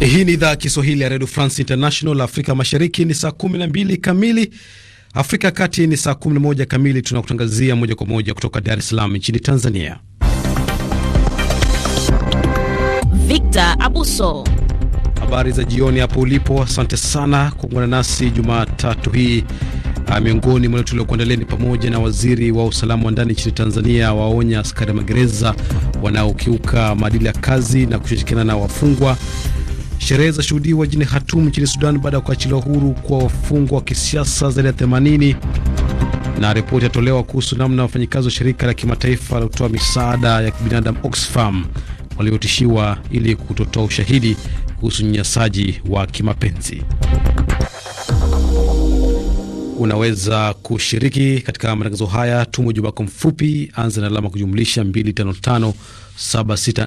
Hii ni idhaa ya Kiswahili ya redio France International. Afrika Mashariki ni saa 12 kamili, Afrika ya Kati ni saa 11 kamili. Tunakutangazia moja kwa moja kutoka Dar es Salaam nchini Tanzania. Victor Abuso, habari za jioni hapo ulipo. Asante sana kuungana nasi Jumatatu hii. Ah, miongoni mwa tuliokuandalia ni pamoja na waziri wa usalama wa ndani nchini Tanzania waonya askari magereza wanaokiuka maadili ya kazi na kushirikiana na wafungwa Sherehe zashuhudiwa jini Khartoum nchini Sudan baada ya kuachiliwa huru kwa wafungwa wa kisiasa zaidi ya 80 na ripoti yatolewa kuhusu namna wafanyikazi wa shirika la kimataifa la kutoa misaada ya kibinadamu Oxfam waliotishiwa ili kutotoa ushahidi kuhusu unyanyasaji wa kimapenzi. Unaweza kushiriki katika matangazo haya, tuma ujumbe wako mfupi, anza na alama kujumlisha 255 764 015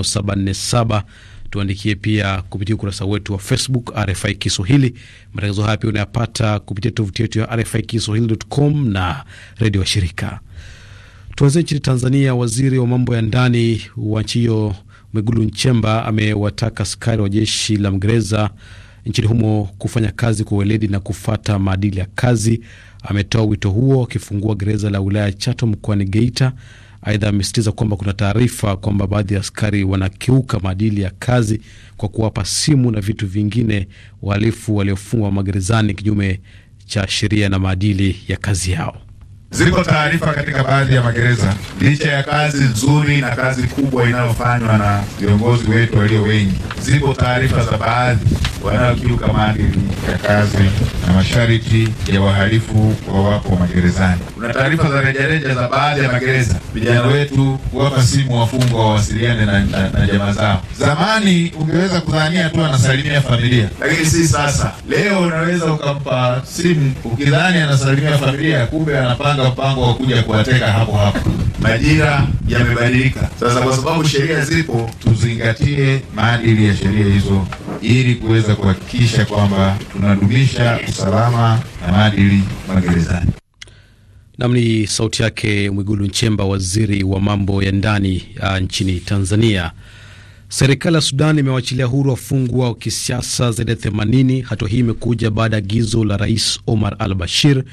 747 Tuandikie pia kupitia ukurasa wetu wa Facebook RFI Kiswahili. Matangazo haya pia unayapata kupitia tovuti yetu ya RFI Kiswahili.com na redio wa shirika. Tuanzie nchini Tanzania. Waziri wa mambo ya ndani wa nchi hiyo Mwigulu Nchemba amewataka askari wa jeshi la Mgereza nchini humo kufanya kazi kwa weledi na kufata maadili ya kazi. Ametoa wito huo akifungua gereza la wilaya Chato mkoani Geita Aidha, amesisitiza kwamba kuna taarifa kwamba baadhi ya askari wanakiuka maadili ya kazi kwa kuwapa simu na vitu vingine wahalifu waliofungwa magerezani kinyume cha sheria na maadili ya kazi yao. Ziko taarifa katika baadhi ya magereza, licha ya kazi nzuri na kazi kubwa inayofanywa na viongozi wetu walio wengi, zipo taarifa za baadhi wanaokiuka maadili ya kazi na masharti ya wahalifu wawapo magerezani. Kuna taarifa za rejareja za baadhi ya magereza, vijana wetu kuwapa simu wafungwa wawasiliane na, na, na jamaa zao. Zamani ungeweza kudhania tu anasalimia familia, lakini si sasa. Leo unaweza ukampa simu ukidhani anasalimia familia, kumbe anapanga wamepanga mpango wa kuja kuwateka hapo hapo. Majira yamebadilika sasa, kwa sababu sheria zipo, tuzingatie maadili ya sheria hizo ili kuweza kuhakikisha kwamba tunadumisha usalama na maadili magerezani. Nam ni sauti yake Mwigulu Nchemba, waziri wa mambo ya ndani uh, nchini Tanzania. Serikali ya Sudan imewachilia huru wafungwa wa kisiasa zaidi ya 80. Hatua hii imekuja baada ya agizo la rais Omar al Bashir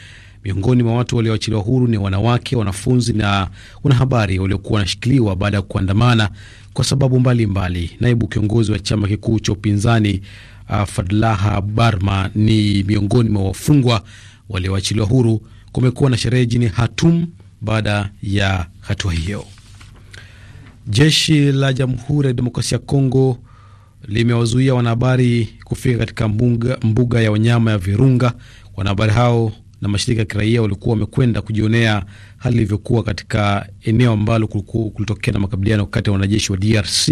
Miongoni mwa watu walioachiliwa huru ni wanawake, wanafunzi na wanahabari waliokuwa wanashikiliwa baada ya kuandamana kwa sababu mbalimbali mbali. Naibu kiongozi wa chama kikuu cha upinzani uh, Fadlaha Barma ni miongoni mwa wafungwa walioachiliwa huru. Kumekuwa na sherehe jini Hatum baada ya hatua hiyo. Jeshi la Jamhuri ya Demokrasia ya Kongo limewazuia wanahabari kufika katika mbuga, mbuga ya wanyama ya Virunga. Wanahabari hao na mashirika ya kiraia walikuwa wamekwenda kujionea hali ilivyokuwa katika eneo ambalo kulitokea na makabiliano kati ya wanajeshi wa DRC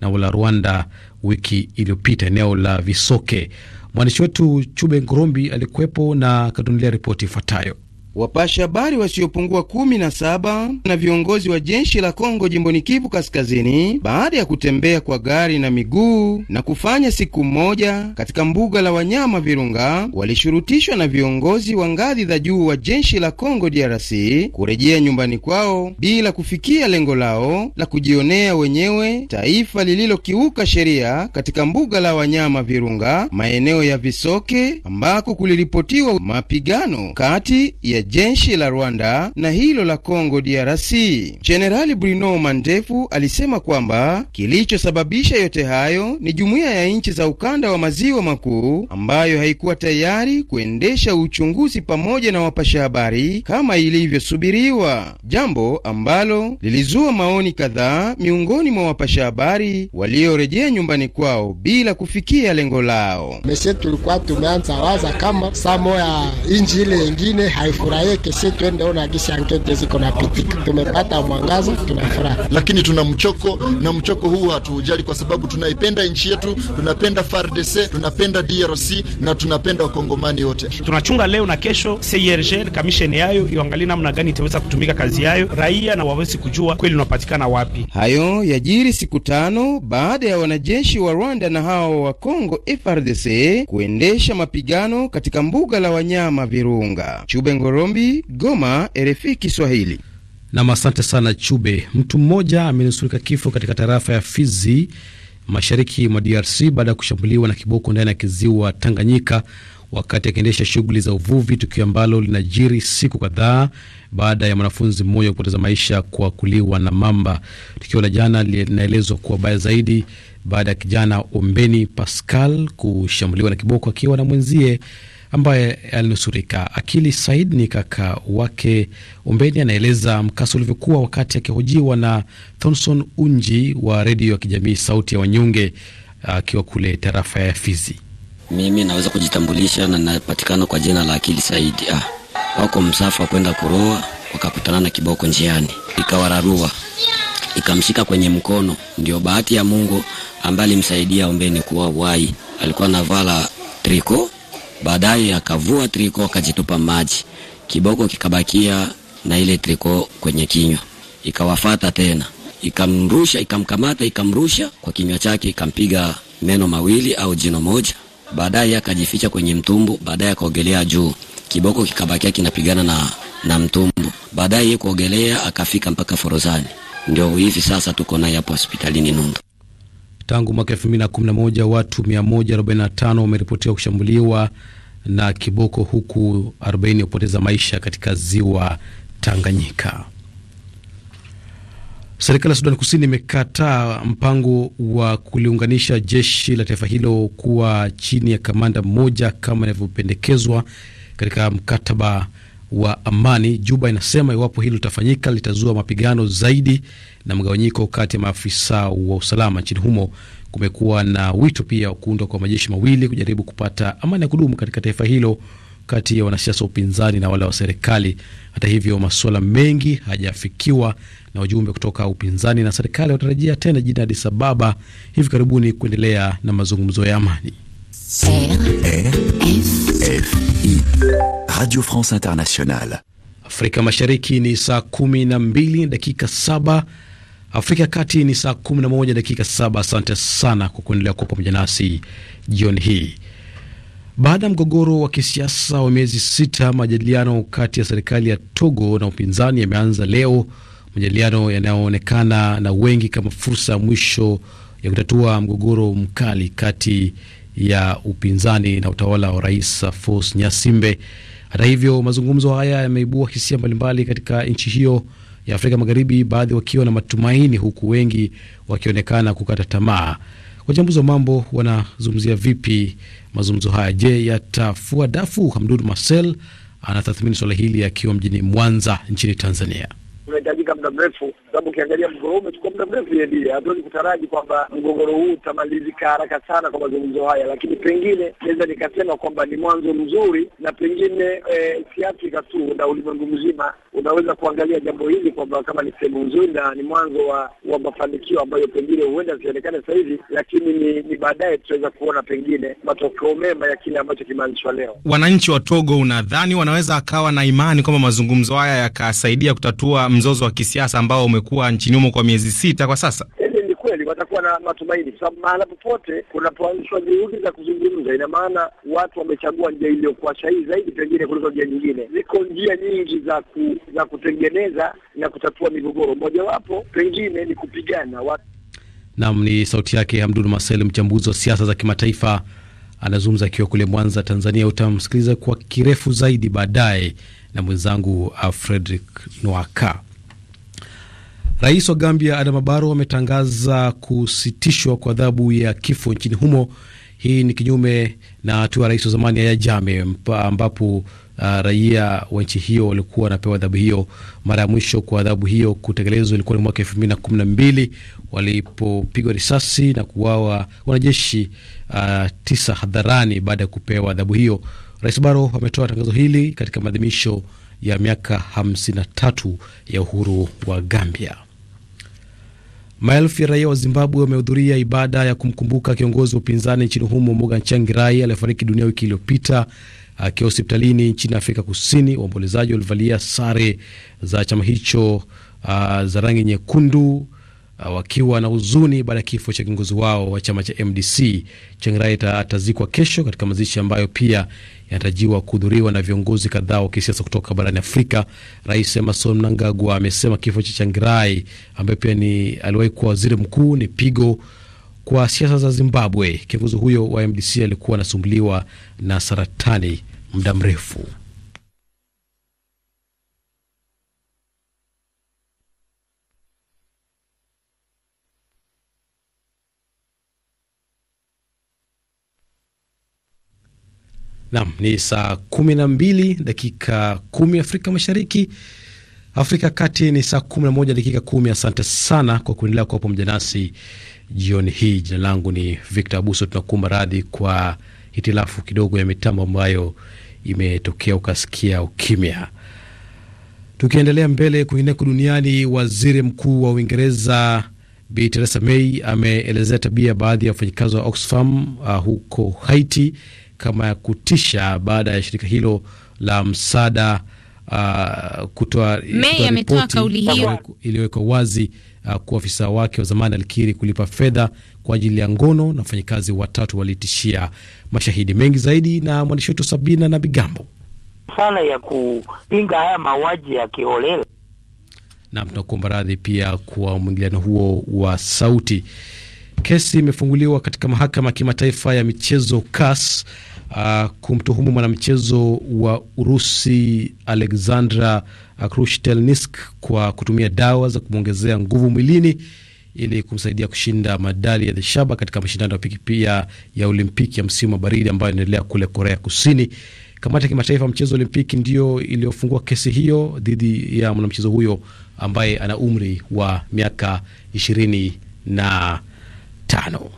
na wala Rwanda wiki iliyopita, eneo la Visoke. Mwandishi wetu Chube Ngurumbi alikuwepo na akatuandalia ripoti ifuatayo wapasha habari wasiopungua kumi na saba na viongozi wa jeshi la Kongo jimboni Kivu Kaskazini, baada ya kutembea kwa gari na miguu na kufanya siku moja katika mbuga la wanyama Virunga, walishurutishwa na viongozi wa ngazi za juu wa jeshi la Kongo DRC kurejea nyumbani kwao bila kufikia lengo lao la kujionea wenyewe taifa lililokiuka sheria katika mbuga la wanyama Virunga, maeneo ya Visoke ambako kuliripotiwa mapigano kati ya jeshi la Rwanda na hilo la Kongo DRC. Jenerali Bruno Mandefu alisema kwamba kilichosababisha yote hayo ni jumuiya ya nchi za ukanda wa maziwa makuu ambayo haikuwa tayari kuendesha uchunguzi pamoja na wapasha habari kama ilivyosubiriwa, jambo ambalo lilizua maoni kadhaa miongoni mwa wapasha habari waliorejea nyumbani kwao bila kufikia lengo lao. Mesie tulikuwa tumeanza waza kama samo ya inji ile haifu na kesi tuende ona gisi ankete ziko pitika. Tumepata mwangaza, tunafurahi, lakini tuna mchoko na mchoko huu hatuujali kwa sababu tunaipenda nchi yetu, tunapenda FARDC, tunapenda DRC na tunapenda wakongomani wote. Tunachunga leo na kesho, CIRGL kamisheni yayo iangalie namna gani itaweza kutumika kazi yayo, raia na wawezi kujua kweli unapatikana wapi. Hayo yajiri siku tano baada ya wanajeshi wa Rwanda na hao wa Kongo FARDC kuendesha mapigano katika mbuga la wanyama Virunga Chubengoro. Marumbi, Goma, RFI Kiswahili. Nam, asante sana Chube. Mtu mmoja amenusurika kifo katika tarafa ya Fizi mashariki mwa DRC baada ya kushambuliwa na kiboko ndani ya kiziwa Tanganyika wakati akiendesha shughuli za uvuvi, tukio ambalo linajiri siku kadhaa baada ya mwanafunzi mmoja kupoteza maisha kwa kuliwa na mamba. Tukio la jana linaelezwa kuwa baya zaidi baada ya kijana Ombeni Pascal kushambuliwa na kiboko akiwa na mwenzie ambaye alinusurika. Akili Said ni kaka wake Ombeni, anaeleza mkasa ulivyokuwa wakati akihojiwa na Thomson Unji wa redio ya kijamii Sauti ya Wanyunge akiwa kule tarafa ya Fizi. Mimi naweza kujitambulisha na napatikana kwa jina la Akili Saidi. Ah, wako msafa wa kwenda kuroa, wakakutana na kiboko njiani, ikawararua ikamshika kwenye mkono. Ndio bahati ya Mungu ambaye alimsaidia Ombeni kuwa wai. Alikuwa navala triko Baadaye akavua triko akajitupa maji, kiboko kikabakia na ile triko kwenye kinywa. Ikawafata tena, ikamrusha, ikamkamata, ikamrusha kwa kinywa chake, ikampiga meno mawili au jino moja. Baadaye akajificha kwenye mtumbu, baadaye akaogelea juu, kiboko kikabakia kinapigana na na mtumbu. Baadaye kuogelea akafika mpaka Forozani. Ndio hivi sasa tuko naye hapo hospitalini Nundu. Tangu mwaka 2011 watu 145 wameripotiwa kushambuliwa na kiboko huku 40 kupoteza maisha katika ziwa Tanganyika. Serikali ya Sudan Kusini imekataa mpango wa kuliunganisha jeshi la taifa hilo kuwa chini ya kamanda mmoja kama inavyopendekezwa katika mkataba wa amani. Juba inasema iwapo hilo litafanyika litazua mapigano zaidi na mgawanyiko kati ya maafisa wa usalama nchini humo. Kumekuwa na wito pia wa kuundwa kwa majeshi mawili kujaribu kupata amani ya kudumu katika taifa hilo kati ya wanasiasa wa upinzani na wale wa serikali. Hata hivyo, masuala mengi hayajafikiwa na wajumbe kutoka upinzani na serikali watarajia tena jijini Addis Ababa hivi karibuni kuendelea na mazungumzo ya amani. Eh, eh, eh. RFI, Radio France Internationale. Afrika Mashariki ni saa mbili dakika saba. Afrika ya Kati ni saa moja dakika saba. Asante sana kwa kuendelea kuwa pamoja nasi jioni hii. Baada ya mgogoro wa kisiasa wa miezi sita, majadiliano kati ya serikali ya Togo na upinzani yameanza leo, majadiliano yanayoonekana na wengi kama fursa ya mwisho ya kutatua mgogoro mkali kati ya upinzani na utawala wa Rais Faustin Nyasimbe. Hata hivyo, mazungumzo haya yameibua hisia mbalimbali katika nchi hiyo ya Afrika Magharibi, baadhi wakiwa na matumaini, huku wengi wakionekana kukata tamaa. Wachambuzi wa mambo wanazungumzia vipi mazungumzo haya? Je, yatafua dafu? Hamdun Marcel anatathmini suala hili akiwa mjini Mwanza nchini Tanzania unahitajika muda mrefu, sababu ukiangalia mgogoro huu umechukua muda mrefu yedie. Hatuwezi kutaraji kwamba mgogoro huu utamalizika haraka sana kwa mazungumzo haya, lakini pengine naweza nikasema kwamba ni mwanzo mzuri, na pengine si eh, Afrika tu na ulimwengu mzima unaweza kuangalia jambo hili kwamba kama ni sehemu nzuri na ni mwanzo wa, wa mafanikio ambayo pengine huenda sionekane sasa hivi, lakini ni, ni baadaye tutaweza kuona pengine matokeo mema ya kile ambacho kimeanzishwa leo. Wananchi wa Togo, unadhani wanaweza akawa na imani kwamba mazungumzo haya yakasaidia kutatua mzozo wa kisiasa ambao umekuwa nchini humo kwa miezi sita kwa sasa? watakuwa na matumaini kwa sababu mahala popote kunapoanzishwa juhudi za kuzungumza, ina maana watu wamechagua njia iliyokuwa sahihi zaidi pengine kuliko njia nyingine. Ziko njia nyingi za ku, za kutengeneza na kutatua migogoro, mojawapo pengine ni kupigana watu. Naam, ni sauti yake Hamdun Masel, mchambuzi wa siasa za kimataifa, anazungumza akiwa kule Mwanza, Tanzania. Utamsikiliza kwa kirefu zaidi baadaye na mwenzangu uh, Fredrick Nwaka. Rais wa Gambia Adama Barrow ametangaza kusitishwa kwa adhabu ya kifo nchini humo. Hii ni kinyume na hatua ya rais wa zamani Yahya Jammeh ambapo uh, raia wa nchi hiyo walikuwa wanapewa adhabu hiyo. Mara ya mwisho kwa adhabu hiyo kutekelezwa ilikuwa ni mwaka elfu mbili na kumi na mbili walipopigwa risasi na kuuawa wanajeshi uh, tisa hadharani baada ya kupewa adhabu hiyo. Rais Baro ametoa tangazo hili katika maadhimisho ya miaka 53 ya uhuru wa Gambia. Maelfu ya raia wa Zimbabwe wamehudhuria ibada ya kumkumbuka kiongozi wa upinzani nchini humo Morgan Changirai aliyefariki dunia wiki iliyopita akiwa hospitalini nchini Afrika Kusini. Waombolezaji walivalia sare za chama hicho uh, za rangi nyekundu Uh, wakiwa na huzuni baada ya kifo cha kiongozi wao wa chama cha MDC. Chengraita atazikwa kesho katika mazishi ambayo pia yanatarajiwa kuhudhuriwa na viongozi kadhaa wa kisiasa kutoka barani Afrika. Rais Emmerson Mnangagwa amesema kifo cha changirai ambaye pia ni aliwahi kuwa waziri mkuu ni pigo kwa siasa za Zimbabwe. Kiongozi huyo wa MDC alikuwa anasumbuliwa na saratani muda mrefu. Naam, ni saa kumi na mbili dakika kumi Afrika Mashariki, Afrika Kati ni saa kumi na moja dakika kumi. Asante sana kwa kuendelea kuwa pamoja nasi jioni hii. Jina langu ni Victor Abuso. Tunakuomba radhi kwa hitilafu kidogo ya mitambo ambayo imetokea ukasikia ukimya. Tukiendelea mbele, kwingineko duniani, waziri mkuu wa Uingereza Bi Theresa May ameelezea tabia baadhi ya wafanyikazi wa Oxfam uh, huko Haiti kama ya kutisha baada ya shirika hilo la msaada uh, kutoa ripoti iliyowekwa wazi uh, kuwa afisa wake wa zamani alikiri kulipa fedha kwa ajili ya ngono na wafanyakazi watatu walitishia mashahidi. Mengi zaidi na mwandishi wetu Sabina na Bigambo sana ya kupinga haya mauaji ya kiholela nam. Tunakuomba radhi pia kwa mwingiliano huo wa sauti. Kesi imefunguliwa katika mahakama ya kimataifa ya michezo CAS uh, kumtuhumu mwanamchezo wa Urusi Alexandra krushtelnisk kwa kutumia dawa za kumwongezea nguvu mwilini ili kumsaidia kushinda madali ya dhashaba katika mashindano ya pikipia ya Olimpiki ya msimu wa baridi ambayo inaendelea kule Korea Kusini. Kamati ya kimataifa ya mchezo Olimpiki ndiyo iliyofungua kesi hiyo dhidi ya mwanamchezo huyo ambaye ana umri wa miaka ishirini na tano.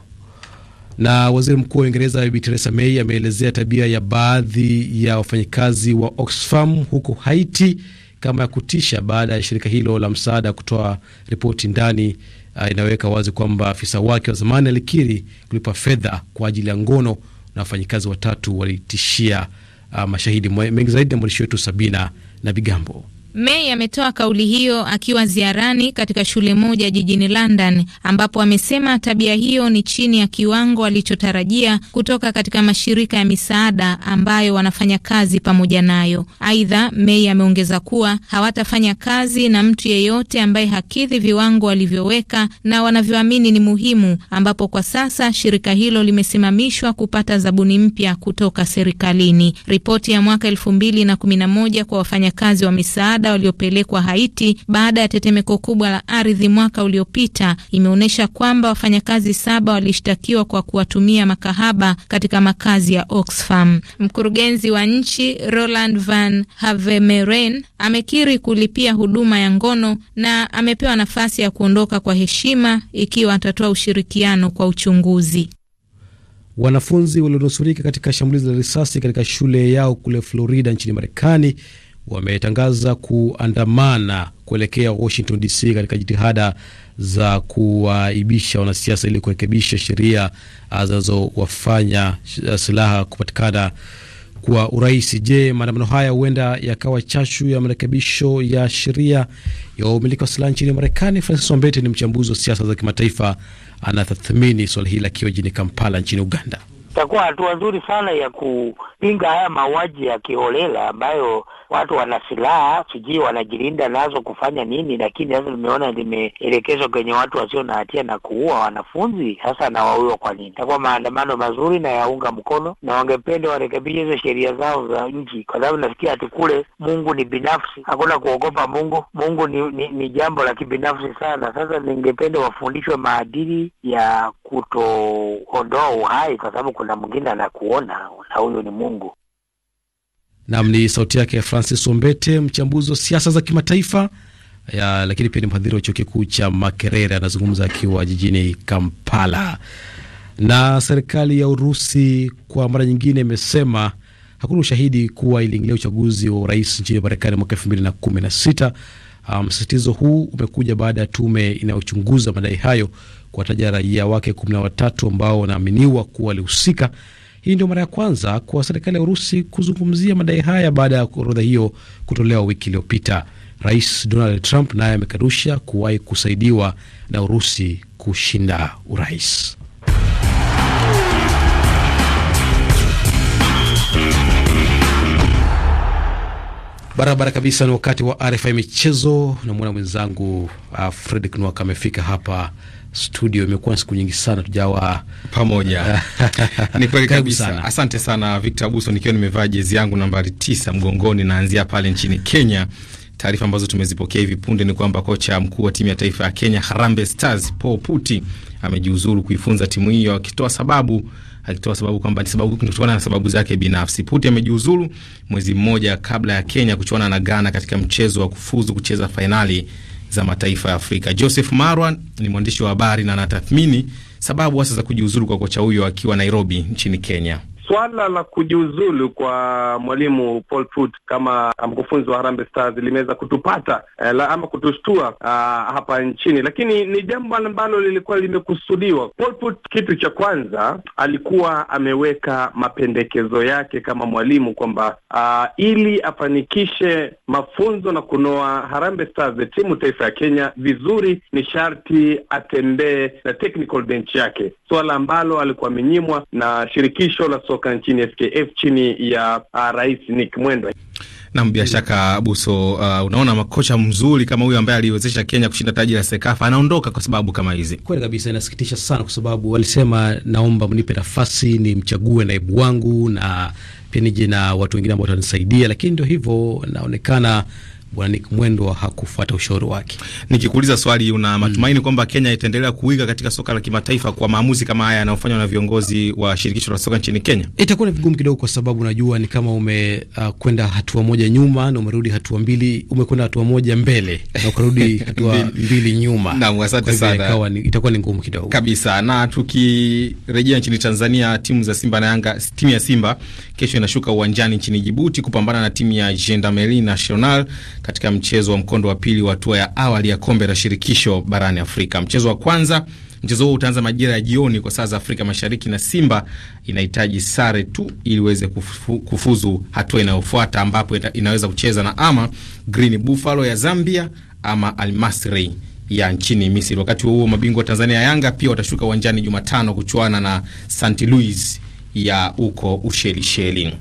Na waziri mkuu wa Uingereza Bibi Theresa May ameelezea tabia ya baadhi ya wafanyikazi wa Oxfam huko Haiti kama ya kutisha baada ya shirika hilo la msaada kutoa ripoti ndani uh, ah, inayoweka wazi kwamba afisa wake wa zamani alikiri kulipa fedha kwa ajili ya ngono na wafanyikazi watatu walitishia uh, mashahidi mengi zaidi na mwandishi wetu Sabina na Bigambo. May ametoa kauli hiyo akiwa ziarani katika shule moja jijini London, ambapo amesema tabia hiyo ni chini ya kiwango alichotarajia kutoka katika mashirika ya misaada ambayo wanafanya kazi pamoja nayo. Aidha, May ameongeza kuwa hawatafanya kazi na mtu yeyote ambaye hakidhi viwango walivyoweka na wanavyoamini ni muhimu, ambapo kwa sasa shirika hilo limesimamishwa kupata zabuni mpya kutoka serikalini. Ripoti ya mwaka 2011 kwa wafanyakazi wa misaada misaada waliopelekwa Haiti baada ya tetemeko kubwa la ardhi mwaka uliopita imeonyesha kwamba wafanyakazi saba walishtakiwa kwa kuwatumia makahaba katika makazi ya Oxfam. Mkurugenzi wa nchi Roland Van Havemeren amekiri kulipia huduma ya ngono na amepewa nafasi ya kuondoka kwa heshima ikiwa atatoa ushirikiano kwa uchunguzi. Wanafunzi walionusurika katika shambulizi la risasi katika shule yao kule Florida nchini Marekani wametangaza kuandamana kuelekea Washington DC katika jitihada za kuwaibisha wanasiasa ili kurekebisha sheria zinazowafanya silaha kupatikana kwa urahisi. Je, maandamano haya huenda yakawa chachu ya marekebisho ya sheria ya umiliki wa silaha nchini Marekani? Francis Wambete ni mchambuzi wa siasa za kimataifa, anatathmini swala hili akiwa jini Kampala nchini Uganda. Itakuwa hatua nzuri sana ya kupinga haya mauaji ya kiholela ambayo watu wana silaha sijui wanajilinda nazo kufanya nini, lakini sasa nimeona limeelekezwa kwenye watu wasio na hatia na kuua wanafunzi. Sasa na kwa nini? Takuwa maandamano mazuri na yaunga mkono, na wangependa warekebishe hizo sheria zao za nchi, kwa sababu nasikia hati kule Mungu ni binafsi, hakuna kuogopa Mungu. Mungu ni, ni, ni jambo la kibinafsi sana. Sasa ningependa wafundishwe maadili ya kutoondoa uhai, kwa sababu kuna mwingine anakuona na huyu ni Mungu. Nam ni sauti yake Francis Ombete, mchambuzi wa siasa za kimataifa ya, lakini pia ni mhadhiri wa chuo kikuu cha Makerere, anazungumza akiwa jijini Kampala. Na serikali ya Urusi kwa mara nyingine imesema hakuna ushahidi kuwa iliingilia uchaguzi wa urais nchini Marekani mwaka elfu mbili na kumi na sita. Ah, msisitizo um, huu umekuja baada ya tume inayochunguza madai hayo kuwataja raia wake kumi na watatu ambao wanaaminiwa kuwa walihusika hii ndio mara ya kwanza kwa serikali ya Urusi kuzungumzia madai haya baada ya orodha hiyo kutolewa wiki iliyopita. Rais Donald Trump naye amekanusha kuwahi kusaidiwa na Urusi kushinda urais. Barabara kabisa, ni wakati wa RFI michezo. Namwona mwenzangu uh, ah, Fredrik Nwaka amefika hapa studio, imekuwa siku nyingi sana tujawa pamoja. Ni kweli kabisa. Asante sana Victor Buso, nikiwa nimevaa jezi yangu nambari tisa mgongoni, naanzia pale nchini Kenya. Taarifa ambazo tumezipokea hivi punde ni kwamba kocha mkuu wa timu ya taifa ya Kenya Harambee Stars Paul Puti amejiuzuru kuifunza timu hiyo akitoa sababu akitoa sababu kwamba ni sababu kutokana na sababu zake binafsi. Puti amejiuzuru mwezi mmoja kabla ya Kenya kuchuana na Ghana katika mchezo wa kufuzu kucheza fainali za mataifa ya Afrika. Joseph marwa ni mwandishi wa habari na anatathmini sababu hasa za kujiuzuru kwa kocha huyo akiwa Nairobi nchini Kenya. Swala la kujiuzulu kwa mwalimu Paul Put kama mkufunzi wa Harambee Stars limeweza kutupata eh, ama kutushtua uh, hapa nchini, lakini ni jambo ambalo lilikuwa limekusudiwa. Paul Put, kitu cha kwanza alikuwa ameweka mapendekezo yake kama mwalimu kwamba uh, ili afanikishe mafunzo na kunoa Harambee Stars timu taifa ya Kenya vizuri, ni sharti atembee na technical bench yake, swala ambalo alikuwa amenyimwa na shirikisho la so kutoka nchini FKF chini ya uh, Rais Nick Mwendwa. Nam, bila shaka Buso, uh, unaona makocha mzuri kama huyu ambaye aliwezesha Kenya kushinda taji la Sekafa anaondoka kwa sababu kama hizi. Kweli kabisa, inasikitisha sana kwa sababu walisema, naomba mnipe nafasi nimchague naibu wangu na pia nije na watu wengine ambao watanisaidia, lakini ndio hivyo, naonekana Bwana Nick Mwendwa hakufuata ushauri wake. Nikikuuliza swali, una hmm. matumaini mm, kwamba Kenya itaendelea kuiga katika soka la kimataifa kwa maamuzi kama haya yanayofanywa na viongozi wa shirikisho la soka nchini Kenya? Itakuwa ni vigumu kidogo, kwa sababu najua ni kama umekwenda uh, hatua moja nyuma na umerudi hatua mbili, umekwenda hatua moja mbele na ukarudi hatua mbili nyuma. Na asante sana. Itakuwa ni ngumu kidogo kabisa. Na tukirejea nchini Tanzania, timu za Simba na Yanga, timu ya Simba kesho inashuka uwanjani nchini Jibuti kupambana na timu ya Gendarmerie National katika mchezo wa mkondo wa pili wa hatua ya awali ya kombe la shirikisho barani Afrika. Mchezo wa kwanza mchezo huo utaanza majira ya jioni kwa saa za Afrika Mashariki, na Simba inahitaji sare tu ili iweze kufu, kufuzu hatua inayofuata ambapo inaweza kucheza na ama Green Buffalo ya Zambia ama Almasri ya nchini Misri. Wakati huo mabingwa Tanzania Yanga pia watashuka uwanjani Jumatano kuchuana na St Louis ya huko Ushelisheli.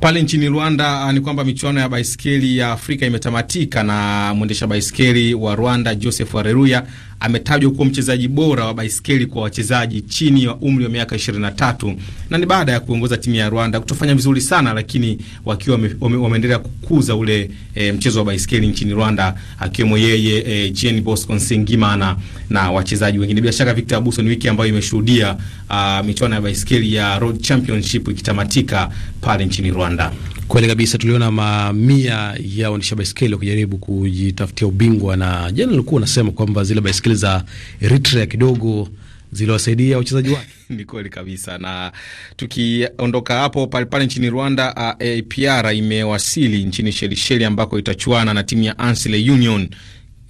Pale nchini Rwanda ah, ni kwamba michuano ya baiskeli ya Afrika imetamatika na mwendesha baiskeli wa Rwanda Joseph Areruya ametajwa kuwa mchezaji bora wa baiskeli kwa wachezaji chini ya wa umri wa miaka 23 na ni baada ya kuongoza timu ya Rwanda kutofanya vizuri sana, lakini wakiwa wameendelea kukuza ule e, mchezo wa baiskeli nchini Rwanda, akiwemo yeye e, Jean Bosco Nsengimana na wachezaji wengine. Bila shaka, Victor Abuso, ni wiki ambayo imeshuhudia ah, michuano ya baiskeli ya Road Championship ikitamatika pale nchini Rwanda. Kweli kabisa, tuliona mamia ya waendesha baiskeli wakijaribu kujitafutia ubingwa, na jana ulikuwa unasema kwamba zile baiskeli za Eritrea kidogo ziliwasaidia wachezaji wake. Ni kweli kabisa. Na tukiondoka hapo palepale nchini Rwanda, APR imewasili nchini Shelisheli ambako itachuana na timu ya Ansele Union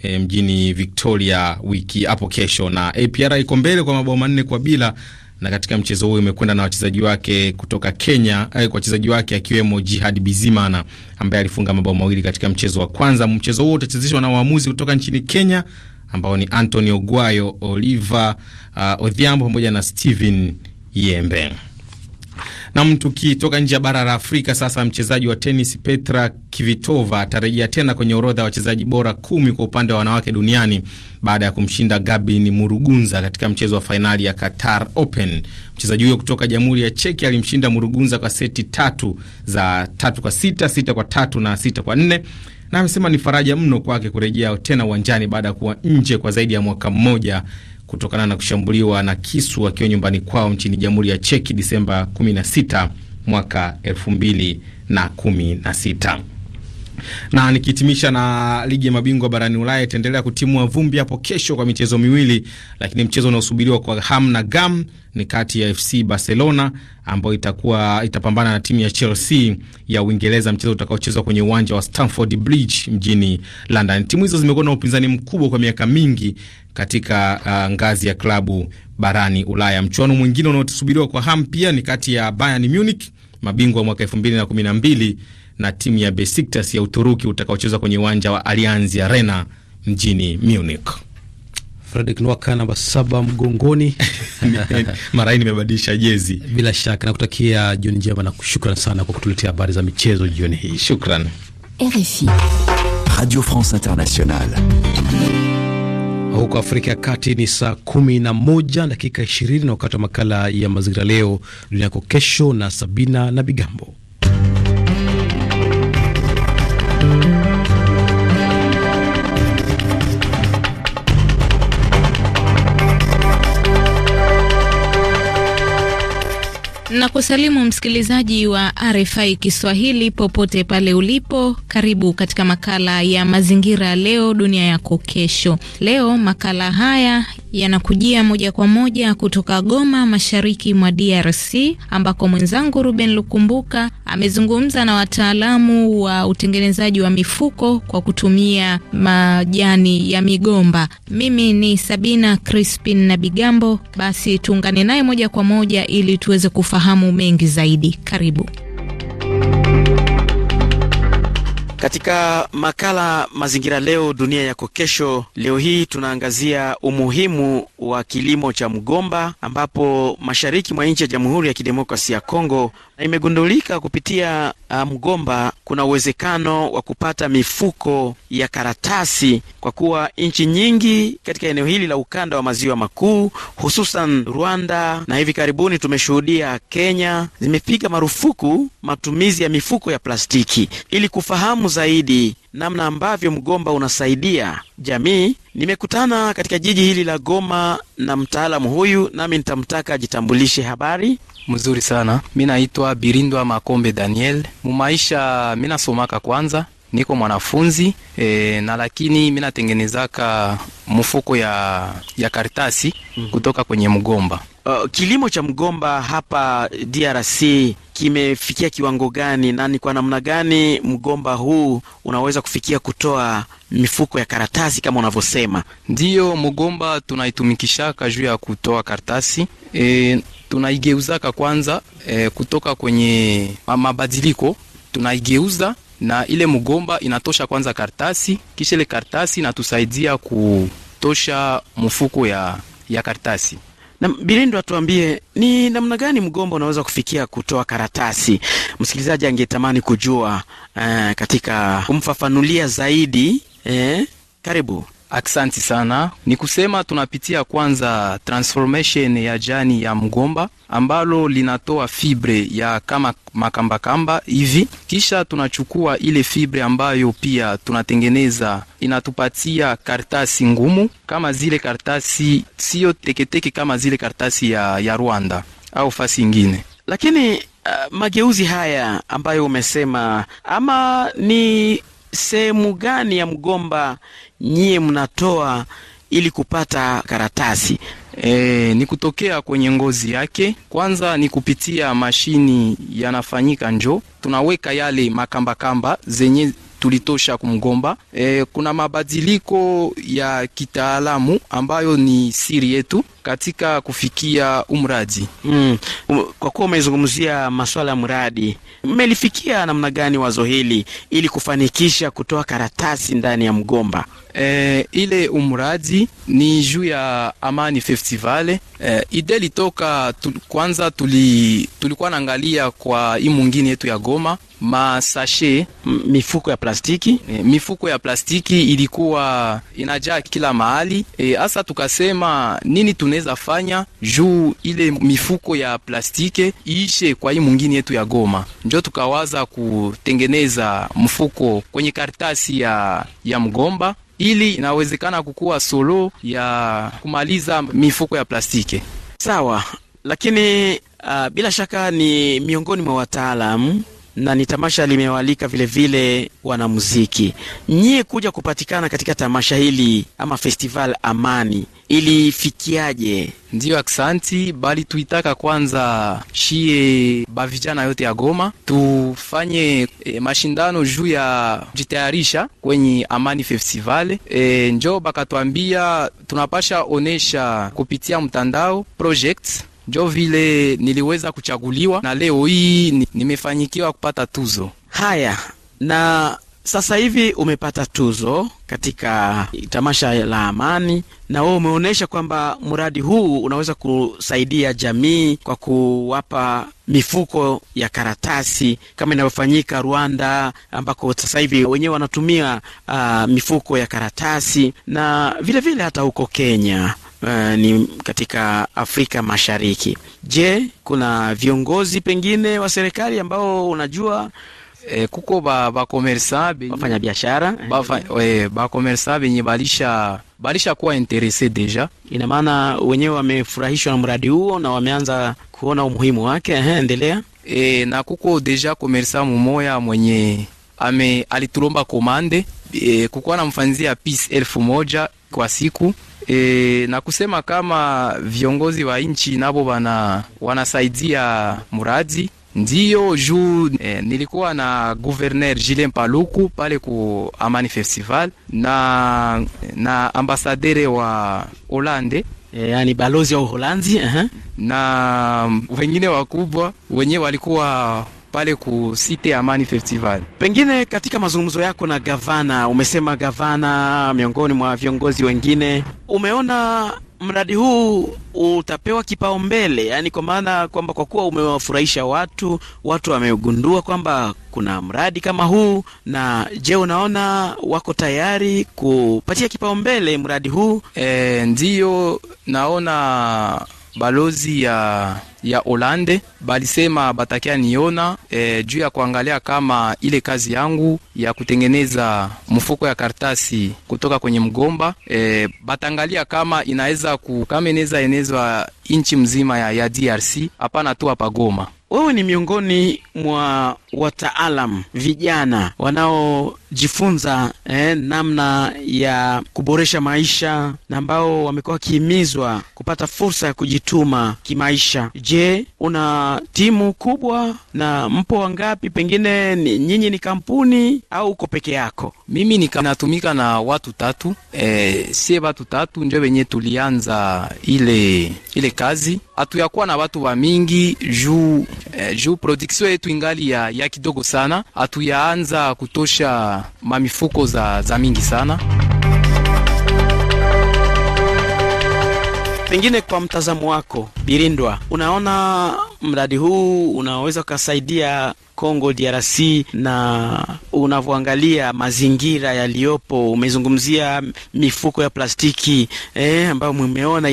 E, mjini Victoria wiki hapo kesho, na APR iko mbele kwa mabao manne kwa bila na katika mchezo huo imekwenda na wachezaji wake kutoka Kenya, eh, wachezaji wake akiwemo Jihad Bizimana ambaye alifunga mabao mawili katika mchezo wa kwanza. Mchezo huo utachezeshwa na waamuzi kutoka nchini Kenya ambao ni Anthony Ogwayo, Oliver uh, Odhiambo pamoja na Steven Yembe mtu kitoka nje ya bara la Afrika sasa, mchezaji wa tenis Petra Kvitova atarejea tena kwenye orodha ya wachezaji bora kumi kwa upande wa wanawake duniani baada ya kumshinda Gabin Murugunza katika mchezo wa fainali ya Qatar Open. Mchezaji huyo kutoka Jamhuri ya Cheki alimshinda Murugunza kwa seti tatu za tatu kwa sita, sita kwa tatu na sita kwa nne na amesema ni faraja mno kwake kurejea tena uwanjani baada ya kuwa nje kwa zaidi ya mwaka mmoja kutokana na kushambuliwa na kisu akiwa nyumbani kwao nchini Jamhuri ya Cheki Disemba 16 mwaka 2016. Na nikihitimisha na ligi ya mabingwa barani Ulaya itaendelea kutimua vumbi hapo kesho kwa michezo miwili, lakini mchezo unaosubiriwa kwa ham na gam ni kati ya FC Barcelona ambayo itakuwa itapambana na timu ya Chelsea ya Uingereza, mchezo utakaochezwa kwenye uwanja wa Stamford Bridge mjini London. Timu hizo zimekuwa na upinzani mkubwa kwa miaka mingi katika uh, ngazi ya klabu barani Ulaya. Mchuano mwingine unaosubiriwa kwa ham pia ni kati ya Bayern Munich, mabingwa mwaka 2012 na timu ya Besiktas ya Uturuki utakaochezwa kwenye uwanja wa Allianz Arena mjini Munich. Fredrick Nwaka namba saba mgongoni. Mara hii nimebadilisha jezi. Bila shaka nakutakia jioni njema na kushukran sana kwa kutuletea habari za michezo jioni hii. Shukran. RFI. Radio France Internationale. Huko Afrika ya Kati ni saa kumi na moja dakika ishirini na wakati wa makala ya mazingira leo dunia yako kesho na Sabina na Bigambo. Na kusalimu msikilizaji wa RFI Kiswahili popote pale ulipo, karibu katika makala ya mazingira leo dunia yako kesho. Leo makala haya yanakujia moja kwa moja kutoka Goma, mashariki mwa DRC, ambako mwenzangu Ruben Lukumbuka amezungumza na wataalamu wa utengenezaji wa mifuko kwa kutumia majani ya migomba. Mimi ni Sabina Crispin na Bigambo. Basi tuungane naye moja kwa moja ili tuweze kufahamu mengi zaidi. Karibu. Katika makala Mazingira Leo Dunia Yako Kesho, leo hii tunaangazia umuhimu wa kilimo cha mgomba, ambapo mashariki mwa nchi ya Jamhuri ya kidemokrasi ya Kongo na imegundulika kupitia uh, mgomba kuna uwezekano wa kupata mifuko ya karatasi, kwa kuwa nchi nyingi katika eneo hili la ukanda wa maziwa makuu hususan Rwanda na hivi karibuni tumeshuhudia Kenya zimepiga marufuku matumizi ya mifuko ya plastiki. Ili kufahamu zaidi namna ambavyo mgomba unasaidia jamii. Nimekutana katika jiji hili la Goma na mtaalamu huyu, nami nitamtaka ajitambulishe. Habari mzuri sana, mi naitwa Birindwa Makombe Daniel. Mumaisha minasomaka kwanza niko mwanafunzi e, na lakini mi natengenezaka mfuko ya, ya karatasi mm -hmm. kutoka kwenye mgomba. Uh, kilimo cha mgomba hapa DRC kimefikia kiwango gani na ni kwa namna gani mgomba huu unaweza kufikia kutoa mifuko ya karatasi kama unavyosema? Ndiyo, mgomba tunaitumikishaka juu ya kutoa karatasi e, tunaigeuzaka kwanza e, kutoka kwenye mabadiliko tunaigeuza na ile mgomba inatosha kwanza kartasi, kisha ile kartasi inatusaidia kutosha mfuko ya, ya kartasi. Na Bilindo, atuambie ni namna gani mgomba unaweza kufikia kutoa karatasi? Msikilizaji angetamani kujua eh, katika kumfafanulia zaidi eh, karibu. Aksanti sana. Ni kusema tunapitia kwanza transformation ya jani ya mgomba ambalo linatoa fibre ya kama makambakamba hivi, kisha tunachukua ile fibre ambayo pia tunatengeneza, inatupatia kartasi ngumu kama zile kartasi, siyo teketeke kama zile kartasi ya, ya Rwanda au fasi ingine lakini uh, mageuzi haya ambayo umesema ama ni sehemu gani ya mgomba nyie mnatoa ili kupata karatasi e, ni kutokea kwenye ngozi yake. Kwanza ni kupitia mashini yanafanyika, njo tunaweka yale makambakamba zenye tulitosha kumgomba. E, kuna mabadiliko ya kitaalamu ambayo ni siri yetu katika kufikia umradi mm. Kwa kuwa umezungumzia masuala ya mradi, mmelifikia namna gani wazo hili ili kufanikisha kutoa karatasi ndani ya mgomba? E, ile umradi ni juu ya Amani Festival. E, eh, ide litoka tu, kwanza tuli, tulikuwa naangalia kwa hii mwingine yetu ya Goma masashe mifuko ya plastiki e, mifuko ya plastiki ilikuwa inajaa kila mahali hasa e, tukasema nini tun tunaweza fanya juu ile mifuko ya plastike iishe kwa hii mwingine yetu ya Goma, njo tukawaza kutengeneza mfuko kwenye karatasi ya, ya mgomba ili inawezekana kukuwa solo ya kumaliza mifuko ya plastike Sawa, lakini uh, bila shaka ni miongoni mwa wataalamu na ni tamasha limewalika vilevile wanamuziki. Nyie kuja kupatikana katika tamasha hili ama festival Amani ilifikiaje? Ndiyo, aksanti. Bali tuitaka kwanza shie bavijana yote ya Goma tufanye e, mashindano juu ya kujitayarisha kwenye Amani Festival. E, njo bakatwambia tunapasha onesha kupitia mtandao project njo vile niliweza kuchaguliwa na leo hii nimefanyikiwa kupata tuzo haya na sasa hivi umepata tuzo katika tamasha la Amani, na wewe umeonyesha kwamba mradi huu unaweza kusaidia jamii kwa kuwapa mifuko ya karatasi kama inavyofanyika Rwanda, ambako sasa hivi wenyewe wanatumia uh, mifuko ya karatasi na vilevile vile hata huko Kenya. Uh, ni katika Afrika Mashariki. Je, kuna viongozi pengine wa serikali ambao unajua eh, kuko ba ba bafanya biashara eh. bafa, e, benye balisha balisha kuwa interese deja, ina maana wenyewe wamefurahishwa na mradi huo na wameanza kuona umuhimu wake. Ehe, endelea. Eh, na kuko deja komersa mumoya mwenye ame alitulomba komande eh, kuko na mfanzi ya peace elfu moja kwa siku e, na kusema kama viongozi wa nchi nabo wanasaidia muradi Ndiyo juu eh, nilikuwa na Governor Julien Paluku pale ku Amani Festival na na ambasadere wa Holande e, eh, yani balozi wa Uholanzi uh -huh. na mm, wengine wakubwa wenyewe walikuwa pale ku Amani Festival. Pengine katika mazungumzo yako na gavana, umesema gavana miongoni mwa viongozi wengine, umeona mradi huu utapewa kipaumbele, yani kwa maana kwamba kwa kuwa umewafurahisha watu, watu wameugundua kwamba kuna mradi kama huu. Na je, unaona wako tayari kupatia kipaumbele mradi huu? E, eh, ndiyo naona balozi ya ya Olande balisema batakia niona e, juu ya kuangalia kama ile kazi yangu ya kutengeneza mfuko ya kartasi kutoka kwenye mgomba e, batangalia kama inaweza kama inaweza enezwa nchi mzima ya, ya DRC hapana tu hapa Goma. Wewe ni miongoni mwa wataalam vijana wanaojifunza eh, namna ya kuboresha maisha na ambao wamekuwa wakihimizwa kupata fursa ya kujituma kimaisha. Je, una timu kubwa na mpo wangapi? Pengine nyinyi ni kampuni au uko peke yako? Mimi ninatumika na watu tatu. E, sie watu tatu ndio wenye tulianza ile ile kazi, hatuyakuwa na watu wa mingi juu eh, juu production yetu ingali ya ya kidogo sana, hatuyaanza kutosha mamifuko za, za mingi sana. Pengine kwa mtazamo wako Birindwa, unaona mradi huu unaweza ukasaidia Congo DRC na unavyoangalia mazingira yaliyopo, umezungumzia mifuko ya plastiki eh, ambayo mmeona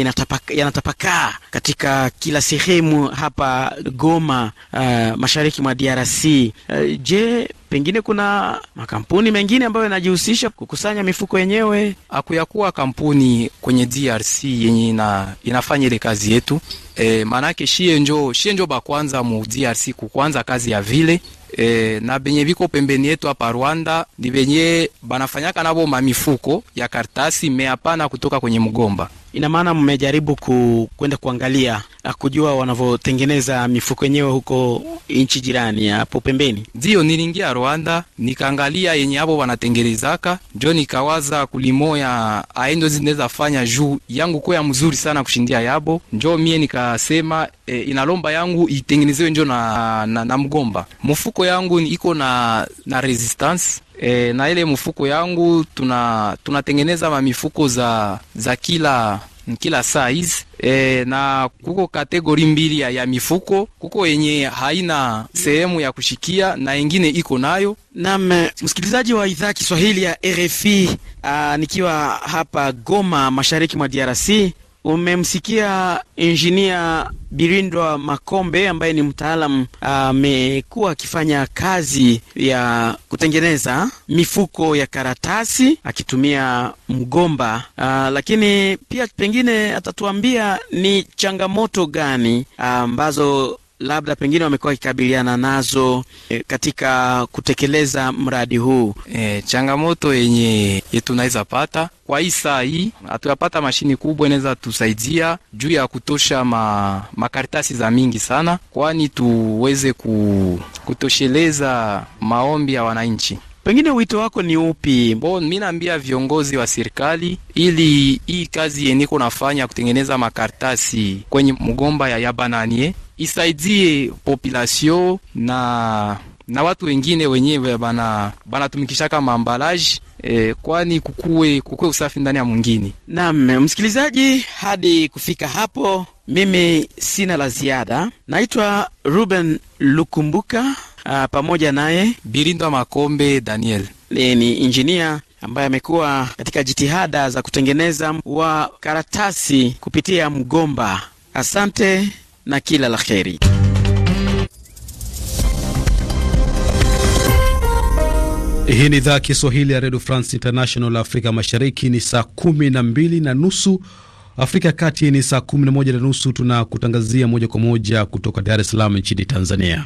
yanatapakaa katika kila sehemu hapa Goma, uh, mashariki mwa DRC. Uh, eh, je, pengine kuna makampuni mengine ambayo yanajihusisha kukusanya mifuko yenyewe? akuyakuwa kampuni kwenye DRC yenye ina, inafanya ile kazi yetu e, manake shie njo shie njo bakwanza mu DRC kukwanza kazi ya vile e, na benye biko pembeni yetu hapa Rwanda ni benye banafanyaka nabo mamifuko ya kartasi meapana kutoka kwenye mgomba Ina maana mmejaribu ku, kwenda kuangalia kujua wanavyotengeneza mifuko yenyewe huko nchi jirani hapo pembeni? ndio niliingia Rwanda nikaangalia yenye hapo wanatengenezaka, njo nikawaza kulimoya aendo ah, zinaweza fanya juu yangu kwa mzuri sana kushindia yabo, njo mie nikasema e, eh, inalomba yangu itengenezewe njo na, na, na mgomba. Mfuko yangu iko na, na resistance E, na ile mfuko yangu tuna tunatengeneza mamifuko za za kila kila size e, na kuko kategori mbili ya, mifuko. Kuko yenye haina sehemu ya kushikia na ingine iko nayo. Naam, eh, msikilizaji wa idhaa Kiswahili ya RFI, aa, ah, nikiwa hapa Goma, mashariki mwa DRC Umemsikia injinia Birindwa Makombe ambaye ni mtaalam amekuwa akifanya kazi ya kutengeneza mifuko ya karatasi akitumia mgomba. a, ah, lakini pia pengine atatuambia ni changamoto gani ambazo labda pengine wamekuwa wakikabiliana nazo e, katika kutekeleza mradi huu e, changamoto yenye tunaweza pata kwa hii saa hii hatuyapata mashini kubwa inaweza tusaidia juu ya kutosha ma, makaritasi za mingi sana, kwani tuweze ku, kutosheleza maombi ya wananchi. Pengine wito wako ni upi? Bo, mi naambia viongozi wa serikali ili hii kazi yeniko nafanya kutengeneza makartasi kwenye mgomba ya yabananie isaidie population na na watu wengine wenyewe bana banatumikishaka maambalaji e, eh, kwani kukue, kukue usafi ndani ya mwingine. Naam, msikilizaji, hadi kufika hapo mimi sina la ziada. Naitwa Ruben Lukumbuka Uh, pamoja naye Birindo Makombe Daniel ni injinia ambaye amekuwa katika jitihada za kutengeneza wa karatasi kupitia mgomba. Asante na kila la kheri. Hii ni idhaa Kiswahili ya Redio France International. Afrika Mashariki ni saa kumi na mbili na nusu, Afrika ya Kati ni saa kumi na moja na nusu. Tunakutangazia moja kwa moja kutoka Dar es Salaam nchini Tanzania.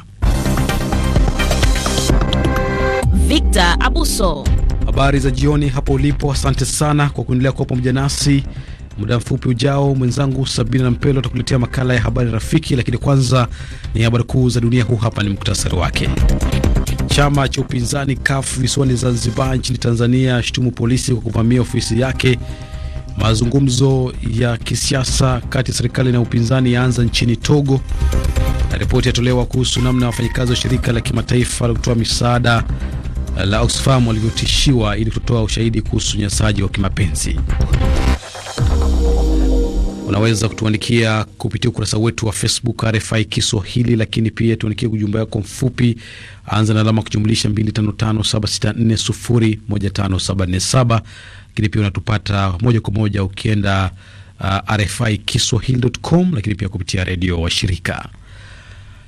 Victor Abuso. Habari za jioni hapo ulipo, asante sana kwa kuendelea kuwa pamoja nasi. Muda mfupi ujao, mwenzangu Sabina Mpelo atakuletea makala ya habari rafiki, lakini kwanza ni habari kuu za dunia. Huu hapa ni muktasari wake. Chama cha upinzani CUF visiwani Zanzibar nchini Tanzania shtumu polisi kwa kuvamia ofisi yake. Mazungumzo ya kisiasa kati ya serikali na upinzani yaanza nchini Togo, na ripoti yatolewa kuhusu namna wafanyikazi wa shirika la kimataifa la kutoa misaada la Oxfam walivyotishiwa ili kutoa ushahidi kuhusu unyanyasaji wa kimapenzi. Unaweza kutuandikia kupitia ukurasa wetu wa Facebook RFI Kiswahili, lakini pia tuandikie ujumbe wako mfupi, anza na alama kujumlisha 255764015747. Lakini pia unatupata moja kwa moja ukienda uh, RFI Kiswahili.com, lakini pia kupitia redio washirika.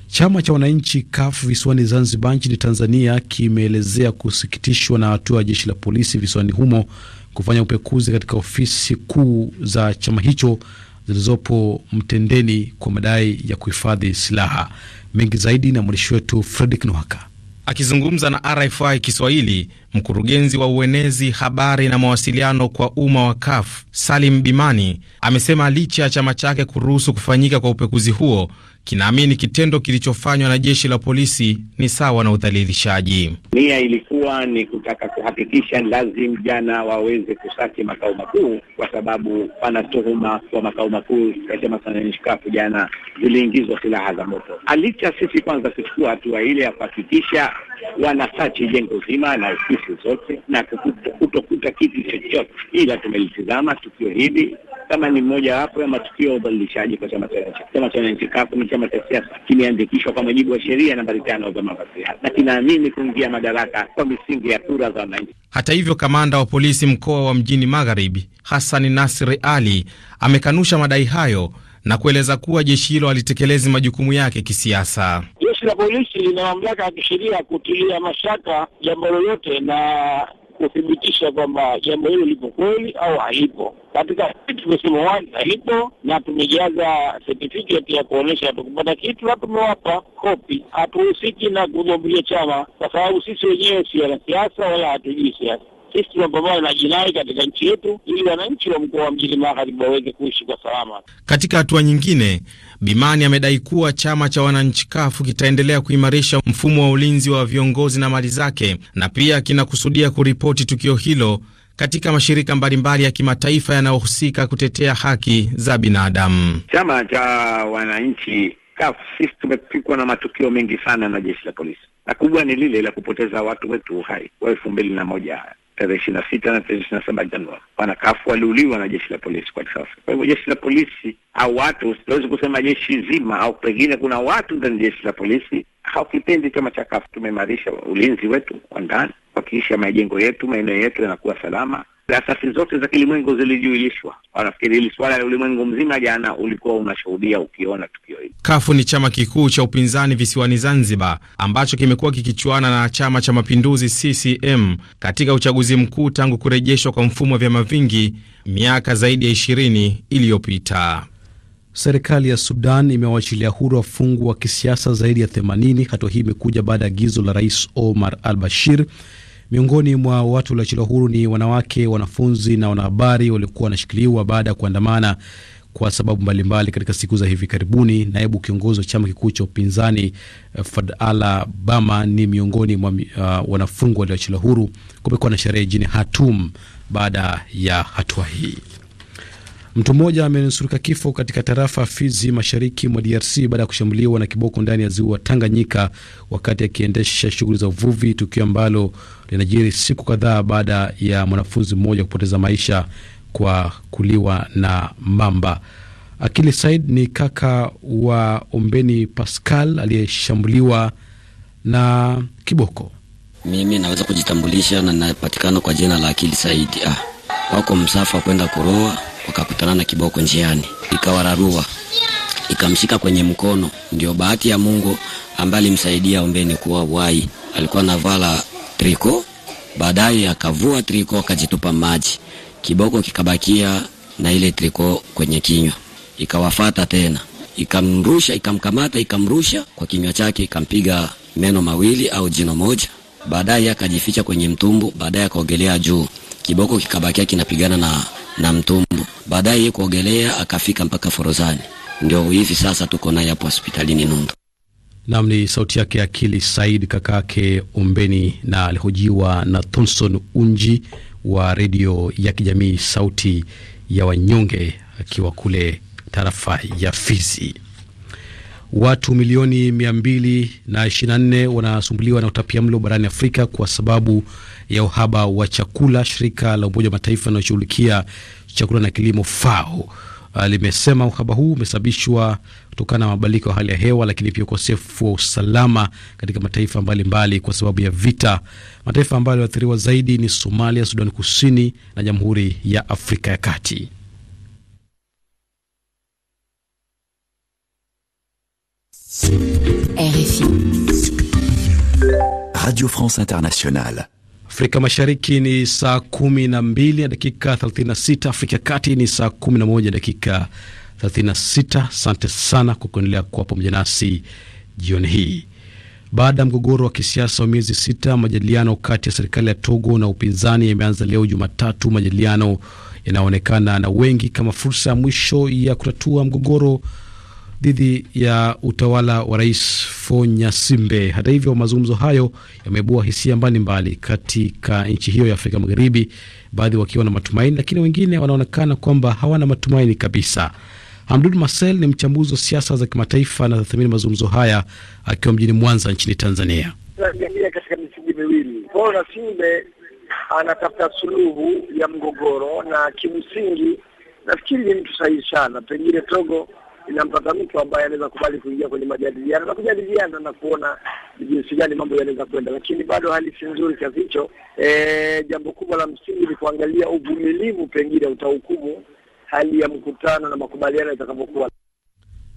Chama cha wananchi CUF visiwani Zanzibar nchini Tanzania kimeelezea kusikitishwa na hatua ya jeshi la polisi visiwani humo kufanya upekuzi katika ofisi kuu za chama hicho zilizopo Mtendeni kwa madai ya kuhifadhi silaha. Mengi zaidi na mwandishi wetu Fredrik Nwaka akizungumza na RFI Kiswahili. Mkurugenzi wa uenezi, habari na mawasiliano kwa umma wa CAF Salim Bimani amesema licha ya chama chake kuruhusu kufanyika kwa upekuzi huo, kinaamini kitendo kilichofanywa na jeshi la polisi ni sawa na udhalilishaji. Nia ilikuwa ni kutaka kuhakikisha lazim jana waweze kusaki makao makuu, kwa sababu pana tuhuma kwa makao makuu ya chama cha wananchi CUF jana ziliingizwa silaha za moto. Alicha sisi kwanza kuchukua hatua ile ya kuhakikisha wanasachi jengo zima na ofisi zote na kutokuta kitu chochote, ila tumelitizama tukio hili kama ni mojawapo ya matukio ya ubadilishaji kwa chama cha Chama cha wananchi kafu ni chama cha siasa, kimeandikishwa kwa mujibu wa sheria nambari tano za vyama vya siasa na kinaamini kuingia madaraka kwa misingi ya kura za wananchi. Hata hivyo, kamanda wa polisi mkoa wa mjini Magharibi Hassan Nasri Ali amekanusha madai hayo na kueleza kuwa jeshi hilo halitekelezi majukumu yake kisiasa. Jeshi la polisi lina mamlaka ya kisheria kutilia mashaka jambo lolote na kuthibitisha kwamba jambo hilo lipo kweli au halipo. Katika hii tumesema wazi halipo, na tumejaza certificate ya kuonyesha hatukupata kitu na tumewapa kopi. Hatuhusiki na kugombilia chama, kwa sababu sisi wenyewe si wanasiasa wala hatujui siasa. Sisi tunapambana na jinai katika nchi yetu ili wananchi wa mkoa wa Mjini Magharibi waweze kuishi kwa salama. Katika hatua nyingine, Bimani amedai kuwa chama cha wananchi kafu kitaendelea kuimarisha mfumo wa ulinzi wa viongozi na mali zake na pia kinakusudia kuripoti tukio hilo katika mashirika mbalimbali ya kimataifa yanayohusika kutetea haki za binadamu. Chama cha wananchi kafu, sisi tumepikwa na matukio mengi sana na jeshi la polisi, na kubwa ni lile la kupoteza watu wetu uhai wa elfu mbili na moja tarehe ishirini na sita na tarehe ishirini na saba Januari wanakafu waliuliwa na jeshi la polisi kwa sasa. Kwa hivyo jeshi la polisi au watu, siwezi kusema jeshi zima, au pengine kuna watu ndani jeshi la polisi hawakipendi chama cha kafu. Tumeimarisha ulinzi wetu wa ndani kuhakikisha majengo yetu, maeneo yetu yanakuwa salama. Asasi zote za kilimwengu zilijuilishwa. Wanafikiri hili swala la ulimwengu mzima, jana ulikuwa unashuhudia ukiona tukio hili. Kafu ni chama kikuu cha upinzani visiwani Zanzibar ambacho kimekuwa kikichuana na chama cha mapinduzi CCM katika uchaguzi mkuu tangu kurejeshwa kwa mfumo wa vyama vingi miaka zaidi ya ishirini iliyopita. Serikali ya Sudan imewaachilia huru wafungwa wa kisiasa zaidi ya 80. Hatua hii imekuja baada ya agizo la Rais Omar al Bashir Miongoni mwa watu walioachiliwa huru ni wanawake, wanafunzi na wanahabari waliokuwa wanashikiliwa baada ya kuandamana kwa sababu mbalimbali katika siku za hivi karibuni. Naibu kiongozi wa chama kikuu cha upinzani eh, Fadala Bama ni miongoni mwa uh, eh, wanafungwa walioachiliwa huru. Kumekuwa na sherehe jini Hatum baada ya hatua hii. Mtu mmoja amenusurika kifo katika tarafa Fizi, mashariki mwa DRC baada ya kushambuliwa na kiboko ndani ya ziwa Tanganyika wakati akiendesha shughuli za uvuvi, tukio ambalo linajiri siku kadhaa baada ya mwanafunzi mmoja kupoteza maisha kwa kuliwa na mamba. Akili Said ni kaka wa Ombeni Pascal aliyeshambuliwa na kiboko. Mimi naweza kujitambulisha na napatikana kwa jina la Akili Said. Ah, wako msafa kwenda kuroa wakakutana na kiboko njiani, ikawararua ikamshika kwenye mkono. Ndio bahati ya Mungu ambaye alimsaidia Ombeni kuwa wai. Alikuwa anavala triko, baadaye akavua triko akajitupa maji, kiboko kikabakia na ile triko kwenye kinywa. Ikawafata tena, ikamrusha, ikamkamata, ikamrusha kwa kinywa chake, ikampiga meno mawili au jino moja. Baadaye akajificha kwenye mtumbu, baadaye akaogelea juu kiboko kikabakia kinapigana na, na mtumbu. Baadaye yeye kuogelea akafika mpaka Forozani, ndio hivi sasa tuko naye hapo hospitalini Nundo. Nam ni sauti yake Akili Said, kakake Ombeni, na alihojiwa na Thomson Unji wa redio ya kijamii Sauti ya Wanyonge akiwa kule tarafa ya Fizi. Watu milioni 224 wanasumbuliwa na utapia mlo barani Afrika kwa sababu ya uhaba wa chakula. Shirika la Umoja wa Mataifa linaloshughulikia chakula na kilimo FAO uh, limesema uhaba huu umesababishwa kutokana na mabadiliko ya hali ya hewa, lakini pia ukosefu wa usalama katika mataifa mbalimbali mbali kwa sababu ya vita. Mataifa ambayo yaliathiriwa zaidi ni Somalia, Sudan Kusini na Jamhuri ya Afrika ya Kati. RFI Radio France Internationale. Afrika Mashariki ni saa 12 na dakika 36, Afrika Kati ni saa 11 na dakika 36. Asante sana kwa kuendelea kuwa pamoja nasi jioni hii. Baada ya mgogoro wa kisiasa wa miezi sita, majadiliano kati ya serikali ya Togo na upinzani yameanza leo Jumatatu, majadiliano yanaonekana na wengi kama fursa ya mwisho ya kutatua mgogoro dhidi ya utawala wa Rais Fonyasimbe. Hata hivyo, mazungumzo hayo yameibua hisia mbalimbali katika nchi hiyo ya Afrika Magharibi, baadhi wakiwa na matumaini, lakini wengine wanaonekana kwamba hawana matumaini kabisa. Hamdun Marcel ni mchambuzi wa siasa za kimataifa na tathmini mazungumzo haya akiwa mjini Mwanza nchini Tanzania. katika misingi miwili, Simbe anatafuta suluhu ya mgogoro na kimsingi nafikiri ni mtu sahihi sana, pengine Togo inamtata mtu ambaye anaweza kubali kuingia kwenye majadiliano na kujadiliana na kuona jinsi gani mambo yanaweza kwenda, lakini bado hali si nzuri kiasi hicho. E, eh, jambo kubwa la msingi ni kuangalia uvumilivu, pengine utahukumu hali ya mkutano na makubaliano itakapokuwa.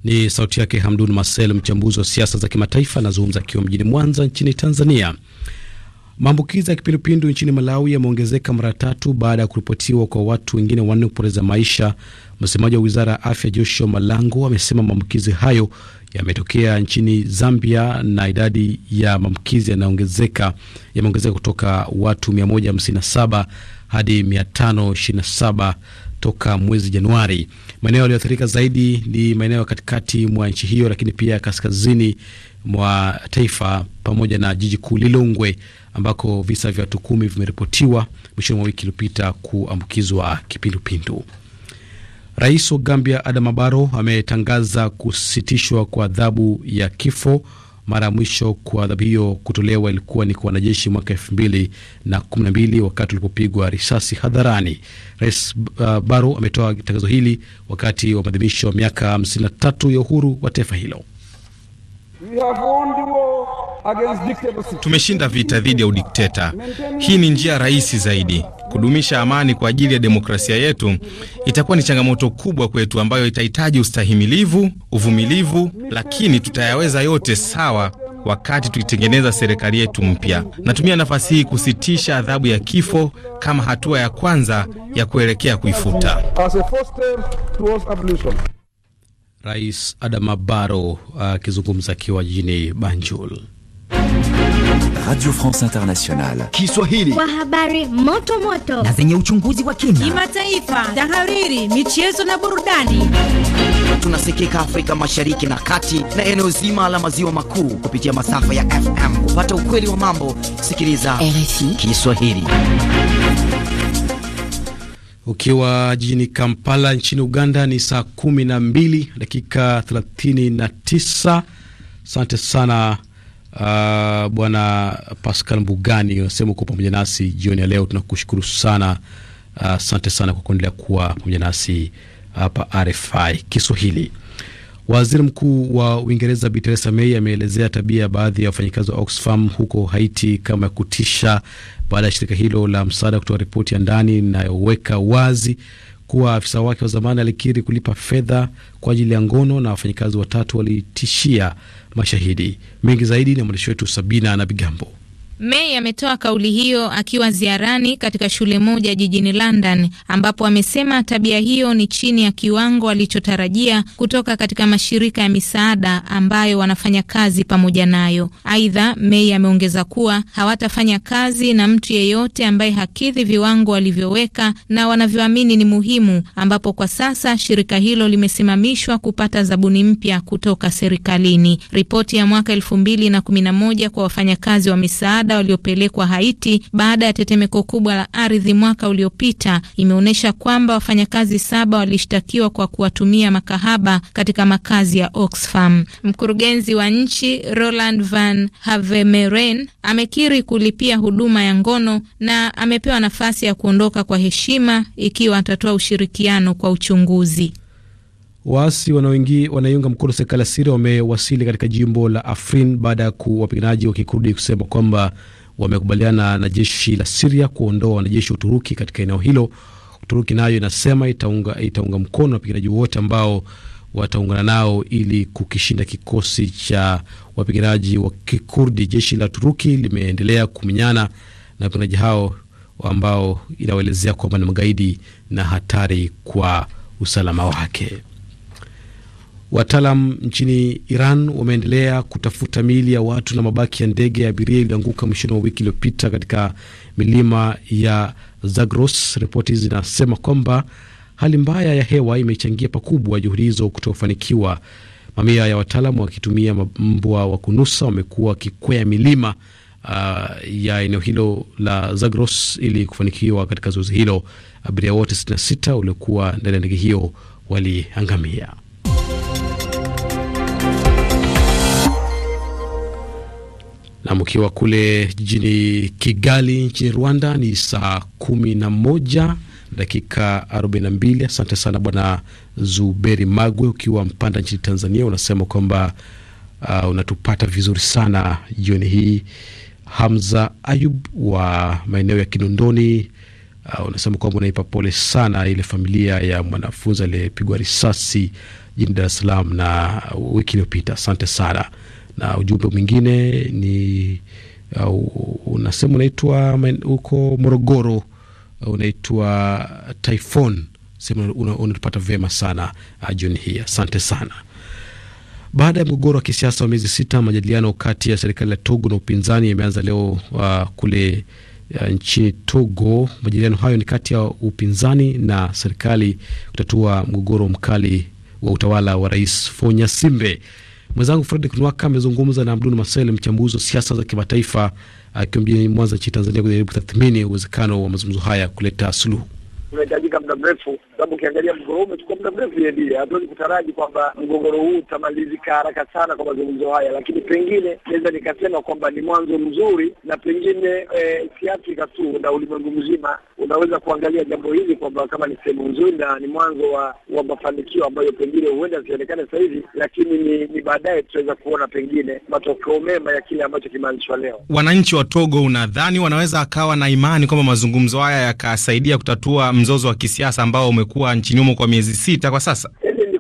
Ni sauti yake Hamdun Marcel, mchambuzi wa siasa za kimataifa, anazungumza akiwa mjini Mwanza nchini Tanzania. Maambukizi ya kipindupindu nchini Malawi yameongezeka mara tatu baada ya kuripotiwa kwa watu wengine wanne kupoteza maisha. Msemaji wa wizara ya afya Joshua Malango amesema maambukizi hayo yametokea nchini Zambia na idadi ya maambukizi yanaongezeka yameongezeka kutoka watu 157 hadi 527 toka mwezi Januari. Maeneo yaliyoathirika zaidi ni maeneo ya katikati mwa nchi hiyo, lakini pia kaskazini mwa taifa pamoja na jiji kuu Lilongwe ambako visa vya watu kumi vimeripotiwa mwishoni mwa wiki iliyopita kuambukizwa kipindupindu. Rais wa Gambia Adama Barrow ametangaza kusitishwa kwa adhabu ya kifo. Mara ya mwisho kwa adhabu hiyo kutolewa ilikuwa ni kwa wanajeshi mwaka elfu mbili na kumi na mbili wakati ulipopigwa risasi hadharani. Rais uh, Barrow ametoa tangazo hili wakati wa maadhimisho ya miaka 53 ya uhuru wa taifa hilo. Tumeshinda vita dhidi ya udikteta. Hii ni njia rahisi zaidi. Kudumisha amani kwa ajili ya demokrasia yetu itakuwa ni changamoto kubwa kwetu, ambayo itahitaji ustahimilivu, uvumilivu, lakini tutayaweza yote. Sawa, wakati tuitengeneza serikali yetu mpya. Natumia nafasi hii kusitisha adhabu ya kifo kama hatua ya kwanza ya kuelekea kuifuta. Rais Adama baro uh, akizungumza uh, akiwa jijini Banjul. Radio France Internationale Kiswahili kwa habari moto moto na zenye uchunguzi wa kina, kimataifa, tahariri, michezo na burudani. Tunasikika Afrika Mashariki na Kati na eneo zima la maziwa makuu kupitia masafa ya FM. Kupata ukweli wa mambo, sikiliza RFI Kiswahili. Ukiwa jijini Kampala nchini Uganda ni saa kumi na mbili dakika thelathini na tisa. Asante sana uh, bwana Pascal Mbugani, unasema uko pamoja nasi jioni ya leo. Tunakushukuru sana, uh, asante uh, sana kwa kuendelea kuwa pamoja nasi hapa RFI Kiswahili. Waziri Mkuu wa Uingereza Bi Theresa May ameelezea tabia ya baadhi ya wafanyikazi wa Oxfam huko Haiti kama ya kutisha baada ya shirika hilo la msaada kutoa ripoti ya ndani inayoweka wazi kuwa afisa wake wa zamani alikiri kulipa fedha kwa ajili ya ngono na wafanyikazi watatu walitishia mashahidi. Mengi zaidi na mwandishi wetu Sabina na Bigambo. May ametoa kauli hiyo akiwa ziarani katika shule moja jijini London, ambapo amesema tabia hiyo ni chini ya kiwango alichotarajia kutoka katika mashirika ya misaada ambayo wanafanya kazi pamoja nayo. Aidha, May ameongeza kuwa hawatafanya kazi na mtu yeyote ambaye hakidhi viwango walivyoweka na wanavyoamini ni muhimu, ambapo kwa sasa shirika hilo limesimamishwa kupata zabuni mpya kutoka serikalini. Ripoti ya mwaka 2011 kwa wafanyakazi wa misaada misaada waliopelekwa Haiti baada ya tetemeko kubwa la ardhi mwaka uliopita imeonyesha kwamba wafanyakazi saba walishtakiwa kwa kuwatumia makahaba katika makazi ya Oxfam. Mkurugenzi wa nchi Roland Van Havemeren amekiri kulipia huduma ya ngono na amepewa nafasi ya kuondoka kwa heshima ikiwa atatoa ushirikiano kwa uchunguzi. Waasi wanaiunga mkono serikali ya Siria wamewasili katika jimbo la Afrin baada ya wapiganaji wa kikurdi kusema kwamba wamekubaliana na jeshi la Siria kuondoa wanajeshi wa Uturuki katika eneo hilo. Uturuki nayo inasema itaunga, itaunga mkono wapiganaji wote ambao wataungana nao ili kukishinda kikosi cha wapiganaji wa Kikurdi. Jeshi la Turuki limeendelea kuminyana na wapiganaji hao ambao inawaelezea kwamba ni magaidi na hatari kwa usalama wake. Wataalam nchini Iran wameendelea kutafuta miili ya watu na mabaki ya ndege ya abiria iliyoanguka mwishoni mwa wiki iliyopita katika milima ya Zagros. Ripoti zinasema kwamba hali mbaya ya hewa imechangia pakubwa juhudi hizo kutofanikiwa. Mamia ya wataalam wakitumia mbwa wa kunusa wamekuwa wakikwea milima uh, ya eneo hilo la Zagros ili kufanikiwa katika zoezi hilo. Abiria wote 66 waliokuwa ndani ya ndege hiyo waliangamia. na mkiwa kule jijini Kigali nchini Rwanda ni saa kumi na moja dakika arobaini na mbili. Asante sana Bwana Zuberi Magwe, ukiwa Mpanda nchini Tanzania, unasema kwamba uh, unatupata vizuri sana jioni hii. Hamza Ayub wa maeneo ya Kinondoni uh, unasema kwamba unaipa pole sana ile familia ya mwanafunzi aliyepigwa risasi jijini Dar es Salaam na wiki iliyopita. Asante sana na ujumbe mwingine ni uh, unasema unaitwa huko Morogoro, uh, unaitwa Typhoon, sema unatupata vyema sana uh, jioni hii, asante sana. Baada ya mgogoro wa kisiasa wa miezi sita, majadiliano kati ya serikali ya Togo na upinzani yameanza leo uh, kule uh, nchini Togo. Majadiliano hayo ni kati ya upinzani na serikali kutatua mgogoro mkali wa utawala wa Rais Fonya Simbe. Mwenzangu Fredrick Nwaka amezungumza na Abdul Masel, mchambuzi wa siasa za kimataifa, akiwa mjini Mwanza nchini Tanzania, kujaribu kutathmini uwezekano wa mazungumzo haya kuleta suluhu. Unahitajika muda mrefu sababu ukiangalia mgogoro huu umechukua muda mrefu hivi, Hatuwezi kutaraji kwamba mgogoro huu utamalizika haraka sana kwa mazungumzo haya, lakini pengine naweza nikasema kwamba ni mwanzo mzuri, na pengine eh, si Afrika tu na ulimwengu mzima unaweza kuangalia jambo hili kwamba kama ni sehemu nzuri na ni mwanzo wa, wa mafanikio ambayo pengine huenda sionekane sasa hivi, lakini ni, ni baadaye tutaweza kuona pengine matokeo mema ya kile ambacho kimeanzishwa leo. Wananchi wa Togo unadhani wanaweza akawa na imani kwamba mazungumzo haya yakasaidia kutatua mzozo wa kisiasa ambao ume umekuwa nchini humo kwa miezi sita kwa sasa?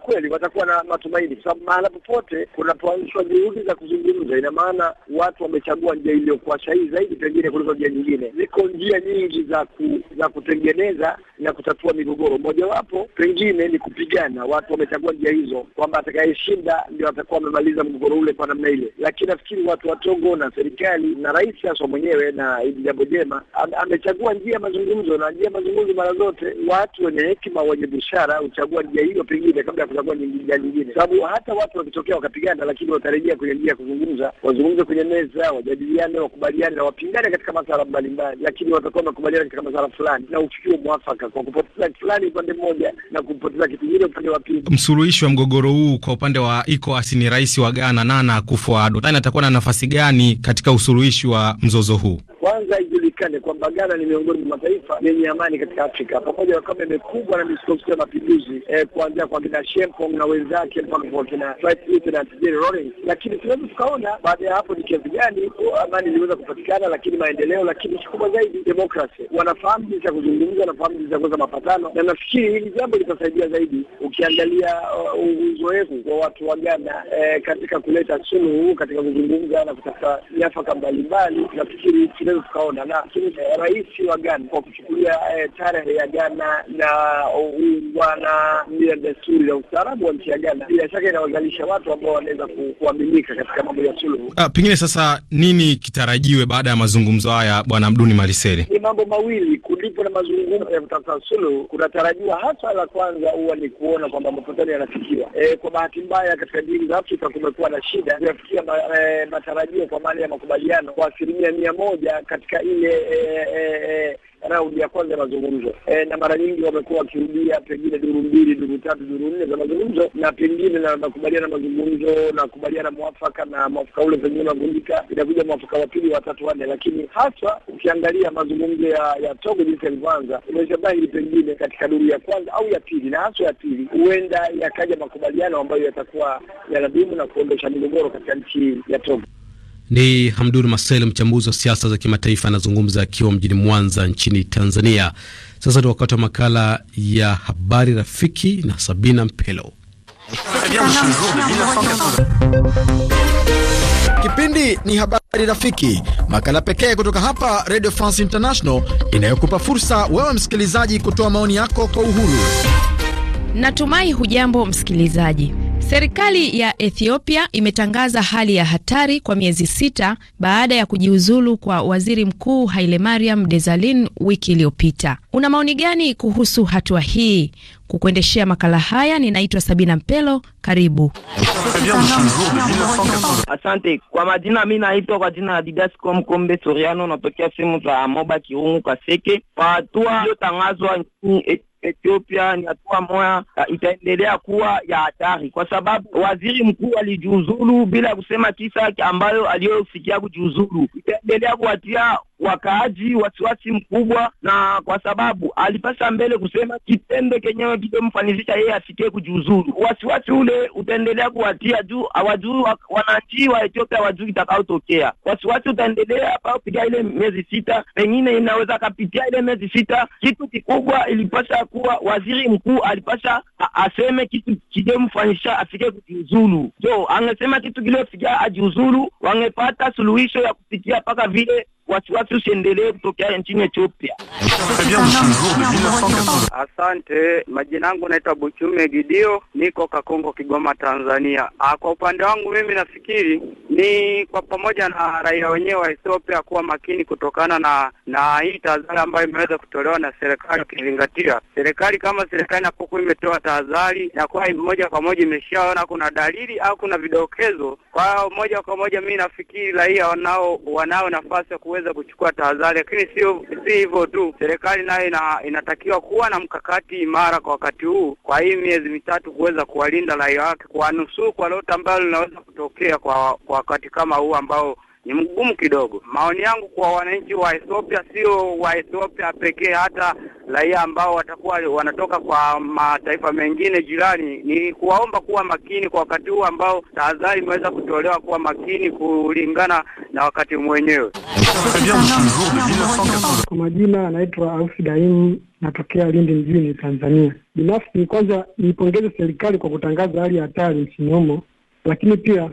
kweli watakuwa na matumaini, kwa sababu mahala popote kunapoanzishwa juhudi za kuzungumza, ina maana watu wamechagua njia iliyokuwa sahihi zaidi pengine kuliko njia nyingine. Ziko njia nyingi za ku, za kutengeneza na kutatua migogoro, mojawapo pengine ni kupigana. Watu wamechagua njia hizo kwamba atakayeshinda ndio atakuwa amemaliza mgogoro ule kwa namna ile, lakini nafikiri watu wa Togo na serikali na rais haswa mwenyewe na ili jambo jema amechagua njia ya mazungumzo, na njia ya mazungumzo mara zote watu wenye hekima, wenye busara huchagua njia hiyo pengine kabla ya itakuwa ni njia nyingine, sababu hata watu wakitokea wakapigana, lakini watarejea kwenye njia ya kuzungumza, wazungumze kwenye meza, wajadiliane, wakubaliane na wapingane katika masala mbalimbali, lakini watakuwa wamekubaliana katika masala fulani na ufikio mwafaka, kwa kupoteza fulani upande mmoja na kupoteza kitu kingine upande wa pili. Msuluhishi wa mgogoro huu kwa upande wa ECOWAS ni rais wa Ghana Nana Akufo-Addo. Nani atakuwa na nafasi gani katika usuluhishi wa mzozo huu? Kwanza ijulikane kwamba Ghana ni miongoni mwa mataifa yenye amani katika Afrika, pamoja na kwamba imekubwa na misukosuko ya mapinduzi eh, kuanzia kwa kina Kempom na wenzake mpaka kwa kina Flight Lieutenant Jerry Rawlings, lakini tunaweza tukaona baada ya hapo ni kiasi gani uh, amani iliweza kupatikana, lakini maendeleo, lakini kikubwa zaidi demokrasia. Wanafahamu jinsi ya kuzungumza, wanafahamu jinsi ya kuweza mapatano, na nafikiri hili jambo litasaidia zaidi, ukiangalia uh, uzoefu uh, wa watu wa Ghana eh, katika kuleta suluhu, katika kuzungumza na kutafuta nyafaka mbalimbali. Nafikiri tunaweza tukaona, na eh, rais wa Ghana kwa kuchukulia eh, tarehe ya Ghana na uh, wana desturi ya ustaarabu wa nchi ya Ghana bila shaka inawazalisha watu ambao wanaweza kuaminika katika mambo ya suluhu. Ah, pengine sasa nini kitarajiwe baada ya mazungumzo haya, Bwana Abduni Maliseli? Ni mambo mawili, kulipo na mazungumzo ya kutafuta suluhu. Kunatarajiwa hasa la kwanza huwa ni kuona kwamba mapatano yanafikiwa. E, kwa bahati mbaya katika dini za Afrika kumekuwa na shida kuyafikia ma, e, matarajio kwa maana ya makubaliano kwa asilimia mia moja katika ile e, e, e raundi ya kwanza ya mazungumzo e, na mara nyingi wamekuwa wakirudia pengine duru mbili, duru tatu, duru nne za mazungumzo, na pengine na makubaliana mazungumzo na kubaliana mwafaka, na mwafaka ule pengine unavunjika, inakuja mwafaka wa pili, watatu, wanne. Lakini haswa ukiangalia mazungumzo ya ya Togo jinsi yalivyoanza, inaonyesha dhahiri pengine katika duru ya kwanza au ya pili, na haswa ya pili, huenda yakaja makubaliano ambayo yatakuwa yanadumu na kuondosha migogoro katika nchi ya Togo. Ni Hamdun Masel, mchambuzi wa siasa za kimataifa, anazungumza akiwa mjini Mwanza nchini Tanzania. Sasa ni wakati wa makala ya Habari Rafiki na Sabina Mpelo. Kipindi ni Habari Rafiki, makala pekee kutoka hapa Radio France International inayokupa fursa wewe msikilizaji kutoa maoni yako kwa uhuru. Natumai hujambo msikilizaji. Serikali ya Ethiopia imetangaza hali ya hatari kwa miezi sita baada ya kujiuzulu kwa waziri mkuu Hailemariam desalin wiki iliyopita. Una maoni gani kuhusu hatua hii? Kukuendeshea makala haya ninaitwa Sabina Mpelo. Karibu. Asante kwa majina, mi naitwa kwa jina ya Didasco Mkombe Soriano, natokea sehemu za Moba Kirungu Kaseke. Kwa hatua iliyotangazwa nchini Ethiopia ni hatua moja itaendelea kuwa ya hatari, kwa sababu waziri mkuu alijiuzulu bila kusema kisa ambayo aliyosikia kujiuzulu, itaendelea kuwatia wakaaji wasiwasi mkubwa, na kwa sababu alipasa mbele kusema kitendo kenyewe kitomfanisisha yeye asikie kujiuzuru. Wasiwasi ule utaendelea kuwatia juu, awajuu wananchi wa Ethiopia wajuu itakaotokea Wasiwasi utaendelea kupitia ile miezi sita, pengine inaweza kapitia ile miezi sita. Kitu kikubwa ilipasa kuwa waziri mkuu alipasa aseme kitu kitomfanisha afike kujiuzuru. jo angesema kitu kile fikia ajiuzulu, wangepata suluhisho ya kufikia mpaka vile wasiwasi usiendelee kutokea nchini Ethiopia. Asante. Majina yangu naitwa Buchume Gidio, niko Kakongo, Kigoma, Tanzania. Aa, ah, kwa upande wangu mimi nafikiri ni kwa pamoja na raia wenyewe wa Ethiopia kuwa makini kutokana na na hii tahadhari ambayo imeweza kutolewa na serikali. Ukizingatia serikali kama serikali inapokuwa imetoa tahadhari, inakuwa moja kwa moja imeshaona kuna dalili au kuna vidokezo. Kwa hiyo moja kwa moja mimi nafikiri raia wanao wanao nafasi ya kuweza kuchukua tahadhari, lakini sio si hivyo tu, serikali nayo ina, inatakiwa kuwa na mkakati imara kwa wakati huu, kwa hii miezi mitatu, kuweza kuwalinda raia wake, kuwanusuru kwa lote ambalo linaweza kutokea kwa kwa wakati kama huu ambao ni mgumu kidogo. Maoni yangu kwa wananchi wa Ethiopia, sio wa Ethiopia pekee, hata raia ambao watakuwa wanatoka kwa mataifa mengine jirani, ni kuwaomba kuwa makini kwa wakati huu ambao tahadhari imeweza kutolewa, kuwa makini kulingana na wakati mwenyewe. Kwa majina anaitwa Ausi Daini, natokea Lindi mjini, Tanzania. Binafsi ni kwanza niipongeze serikali kwa kutangaza hali ya hatari nchini humo, lakini pia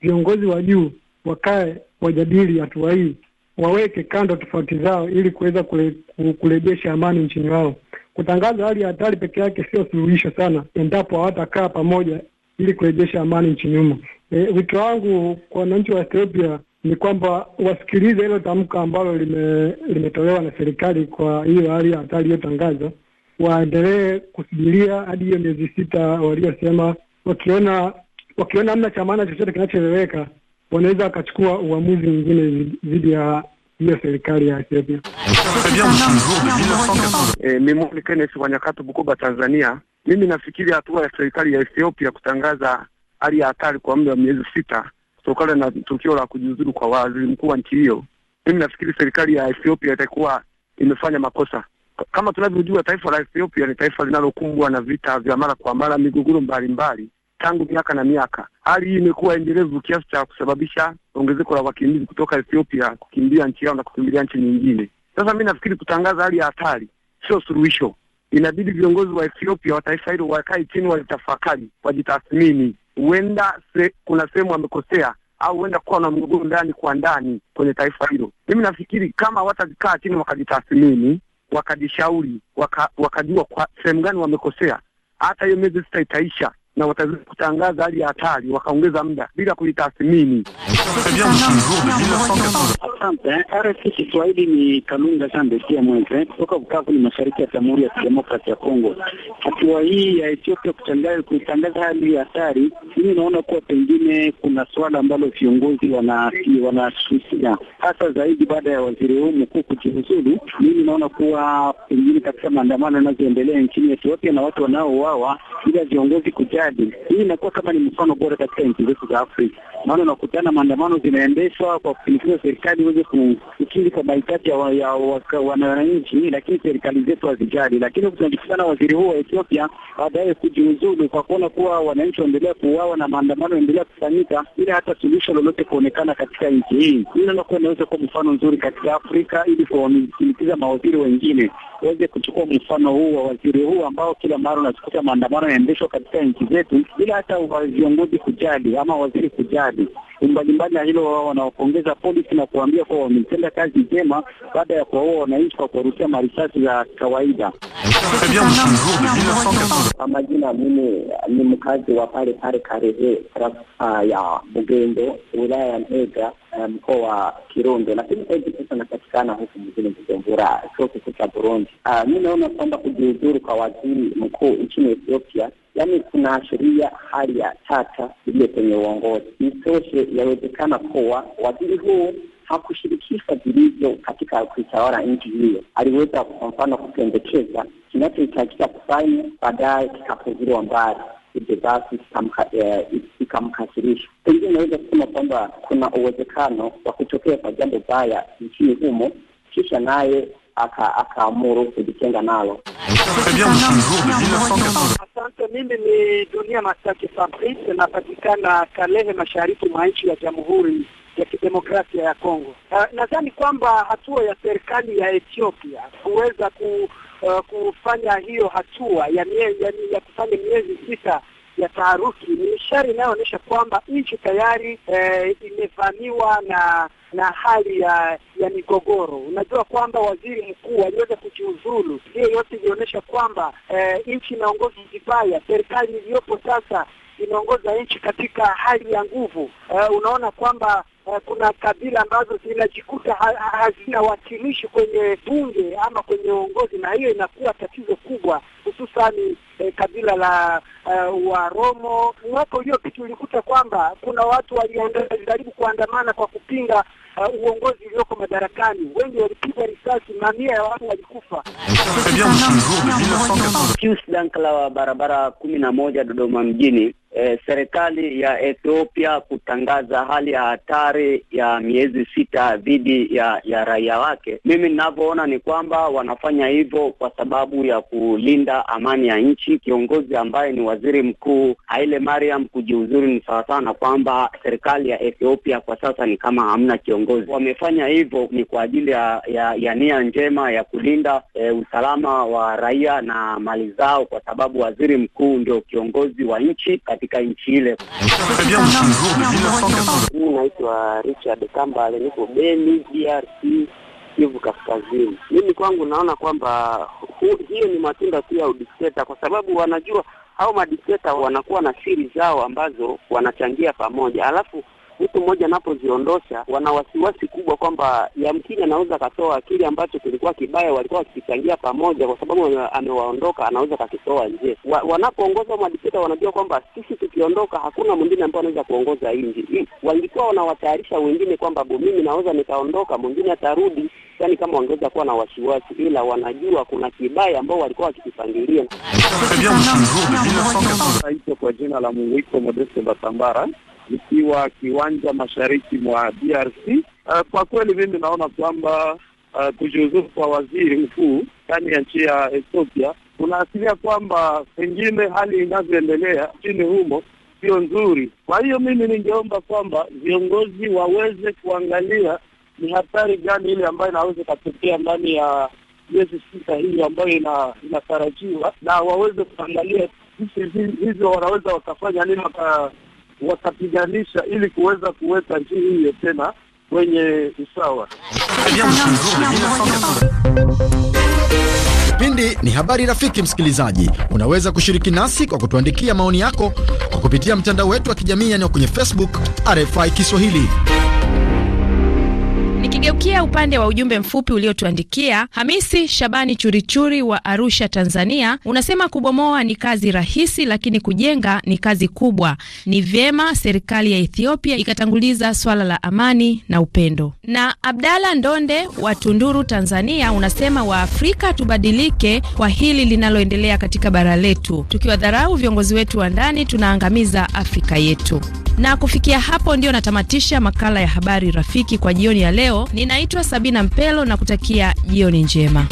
viongozi wa juu wakae wajadili hatua hii, waweke kando tofauti zao ili kuweza kule, kurejesha amani nchini wao. Kutangaza hali ya hatari peke yake sio suluhisho sana, endapo hawatakaa pamoja ili kurejesha amani nchini humo. E, wito wangu kwa wananchi wa Ethiopia ni kwamba wasikilize hilo tamko ambalo lime, limetolewa na serikali kwa hiyo hali ya hatari iliyotangazwa, waendelee kusubiria hadi hiyo miezi sita waliosema wakiona wakiona hamna cha maana chochote kinachoeleweka wanaweza wakachukua uamuzi mwingine dhidi ya hiyo serikali ya Ethiopia. Eh, Mimuli Kenneth wa Bukoba, Tanzania. Mimi nafikiri hatua ya serikali ya Ethiopia kutangaza hali ya hatari kwa muda wa miezi sita kutokana na tukio la kujiuzulu kwa waziri mkuu wa nchi hiyo, mimi nafikiri serikali ya Ethiopia itakuwa imefanya makosa. Kama tunavyojua, taifa la Ethiopia ni taifa linalokumbwa na vita vya mara kwa mara, migogoro mbalimbali tangu miaka na miaka. Hali hii imekuwa endelevu kiasi cha kusababisha ongezeko la wakimbizi kutoka Ethiopia kukimbia nchi yao na kukimbilia nchi nyingine. Sasa mi nafikiri kutangaza hali ya hatari sio suluhisho. Inabidi viongozi wa Ethiopia wa taifa hilo wakae chini, walitafakari, wajitathmini. Huenda se, kuna sehemu wamekosea au huenda kuwa na mgogoro ndani kwa ndani kwenye taifa hilo. Mimi nafikiri kama watakaa chini wakajitathmini, wakajishauri, waka, wakajua kwa sehemu gani wamekosea, hata hiyo miezi sita itaisha na watazidi kutangaza hali ya hatari, wakaongeza muda bila kuitathmini. RFI Kiswahili ni Kalunga Sandesia Mweze kutoka Bukavu ni mashariki ya Jamhuri ya Kidemokrasi ya Kongo. Hatua hii ya Ethiopia kuitangaza hali ya hatari, mimi naona kuwa pengine kuna swala ambalo viongozi wanasusia, hasa zaidi baada ya waziri huu mkuu kujiuzulu. Mimi naona kuwa pengine katika maandamano yanayoendelea nchini Ethiopia na watu wanaouawa bila viongozi kuja jadi. Hii inakuwa kama ni mfano bora katika nchi zetu za Afrika, maana unakutana maandamano zinaendeshwa kwa kushinikiza serikali iweze kukidhi kwa mahitaji ya wananchi, lakini serikali zetu hazijali. Lakini tunajikutana waziri huu wa Ethiopia baadaye kujiuzulu kwa kuona kuwa wananchi waendelea kuuawa na maandamano yaendelea kufanyika bila hata suluhisho lolote kuonekana katika nchi hii. Hii inakuwa inaweza kuwa mfano nzuri katika Afrika ili kuwashinikiza mawaziri wengine waweze kuchukua mfano huu wa waziri huu ambao kila mara unasikuta maandamano yaendeshwa katika nchi zetu bila hata viongozi kujali ama waziri kujali mbalimbali na hilo, wao polisi na kuambia kuwa wametenda kazi njema baada ya kuwaua wananchi kwa kuwarushia marisasi ya kawaida. Kwa majina, mimi ni mkazi wa pale pale Karehe, ya Bugendo, wilaya ya Mega, eh, mkoa wa Kirundo, lakini sahizi sasa napatikana huku mjini Bujumbura, sio kikuu cha Burundi. Ah, Mi naona kwamba kujiuzuru kwa waziri mkuu nchini Ethiopia yani kuna sheria hali ya tata iliyo kwenye uongozi. Isitoshe, yawezekana kuwa waziri huu hakushirikishwa vilivyo katika kuitawala nchi hiyo. Aliweza kwa mfano kupendekeza kinachohitajika kufanya, baadaye kikapuuziliwa mbali, hivyo basi eh, ikamkasirisha. Pengine inaweza kusema kwamba kuna uwezekano wa kutokea kwa jambo baya nchini humo, kisha naye akaamuru aka kujitenga nalo. Asante. Mimi ni Dunia Masaki Fabrice, napatikana Kalehe, mashariki mwa nchi ya Jamhuri ya Kidemokrasia ya Kongo. Uh, nadhani kwamba hatua ya serikali ya Ethiopia kuweza ku, uh, kufanya hiyo hatua ya, mie, ya, ya kufanya miezi sita ya taharuki ni ishara inayoonyesha kwamba nchi tayari eh, imevamiwa na na hali ya ya migogoro. Unajua kwamba waziri mkuu aliweza kujiuzulu, hiyo yote ilionyesha kwamba eh, nchi inaongozwa vibaya. Serikali iliyopo sasa inaongoza nchi katika hali ya nguvu. Eh, unaona kwamba Eh, kuna kabila ambazo zinajikuta hazina wakilishi kwenye bunge ama kwenye uongozi, na hiyo inakuwa tatizo kubwa, hususani eh, kabila la uh, Waromo. Mwaka uliopita ulikuta kwamba kuna watu walijaribu kuandamana kwa kupinga uh, uongozi ulioko madarakani, wengi walipigwa risasi, mamia ya watu walikufa. Pius Dankala wa barabara kumi na moja Dodoma mjini eh, serikali ya Ethiopia kutangaza hali ya hatari ya miezi sita dhidi ya, ya raia wake. Mimi ninavyoona ni kwamba wanafanya hivyo kwa sababu ya kulinda amani ya nchi. Kiongozi ambaye ni waziri mkuu Haile Mariam kujiuzuru ni sawasawa na kwamba serikali ya Ethiopia kwa sasa ni kama hamna kiongozi. Wamefanya hivyo ni kwa ajili ya, ya, ya nia njema ya kulinda eh, usalama wa raia na mali zao, kwa sababu waziri mkuu ndio kiongozi wa nchi katika katika nchi ile. Mimi naitwa Richard Kambale, niko Beni, DRC, Kivu Kaskazini. Mimi kwangu naona kwamba hiyo ni matunda tu ya udikteta, kwa sababu wanajua hao madikteta wanakuwa na siri zao ambazo wanachangia pamoja, alafu mtu mmoja anapoziondosha, wana wasiwasi kubwa kwamba yamkini anaweza akatoa kile ambacho kilikuwa kibaya walikuwa wakikichangia pamoja, kwa sababu amewaondoka, anaweza akakitoa nje. Wa, wanapoongoza madikteta wanajua kwamba sisi tukiondoka, hakuna mwingine ambaye anaweza kuongoza nji. Walikuwa wanawatayarisha wengine kwamba mimi naweza nikaondoka, mwingine atarudi, yani kama wangeweza kuwa na wasiwasi, ila wanajua kuna kibaya ambao walikuwa wakikipangilia. Naitwa kwa jina la Munguiko Modeste Batambara ikiwa kiwanja mashariki mwa DRC. Uh, eh, kwa kweli mimi naona kwamba uh, eh, kujiuzuru kwa waziri mkuu ndani ya nchi ya Ethiopia kunaasiria kwamba pengine hali inavyoendelea nchini humo sio nzuri. Kwa hiyo mimi ningeomba kwamba viongozi waweze kuangalia ni hatari gani ile ambayo inaweza ikatokea ndani ya miezi sita hiyo ambayo ina, inatarajiwa na waweze kuangalia nchi hizo wanaweza wakafanya nini wakapiganisha ili kuweza kuweka nchi hiyo tena kwenye usawa. Kipindi ni habari rafiki. Msikilizaji, unaweza kushiriki nasi kwa kutuandikia maoni yako kwa kupitia mtandao wetu wa kijamii, yaani kwenye Facebook RFI Kiswahili. Nikigeukia upande wa ujumbe mfupi uliotuandikia, Hamisi Shabani Churichuri wa Arusha, Tanzania, unasema kubomoa ni kazi rahisi, lakini kujenga ni kazi kubwa. Ni vyema serikali ya Ethiopia ikatanguliza swala la amani na upendo. Na Abdala Ndonde wa Tunduru, Tanzania, unasema Waafrika tubadilike kwa hili linaloendelea katika bara letu. Tukiwadharau viongozi wetu wa ndani, tunaangamiza Afrika yetu. Na kufikia hapo, ndio natamatisha makala ya habari rafiki kwa jioni ya leo leo. Ninaitwa Sabina Mpelo na kutakia jioni njema.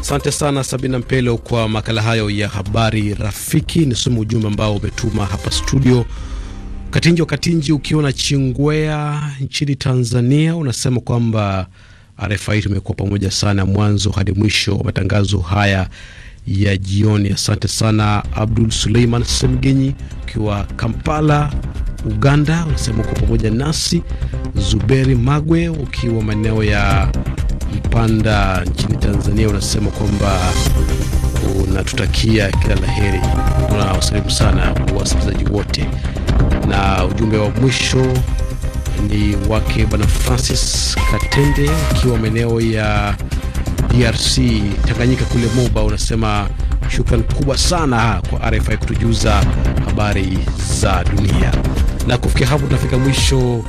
Asante sana Sabina Mpelo kwa makala hayo ya habari rafiki. Nisome ujumbe ambao umetuma hapa studio. Katinji wa Katinji ukiwa na Chingwea nchini Tanzania, unasema kwamba RFI tumekuwa pamoja sana mwanzo hadi mwisho wa matangazo haya ya jioni. Asante sana Abdul Suleiman Semgenyi ukiwa Kampala Uganda, unasema uko pamoja nasi. Zuberi Magwe ukiwa maeneo ya Mpanda nchini Tanzania, unasema kwamba unatutakia kila la heri. Unawasalimu sana wasikilizaji wote, na ujumbe wa mwisho ni wake Bwana Francis Katende ukiwa maeneo ya DRC Tanganyika kule Moba, unasema Shukrani kubwa sana kwa RFI kutujuza habari za dunia, na kufikia hapo tunafika mwisho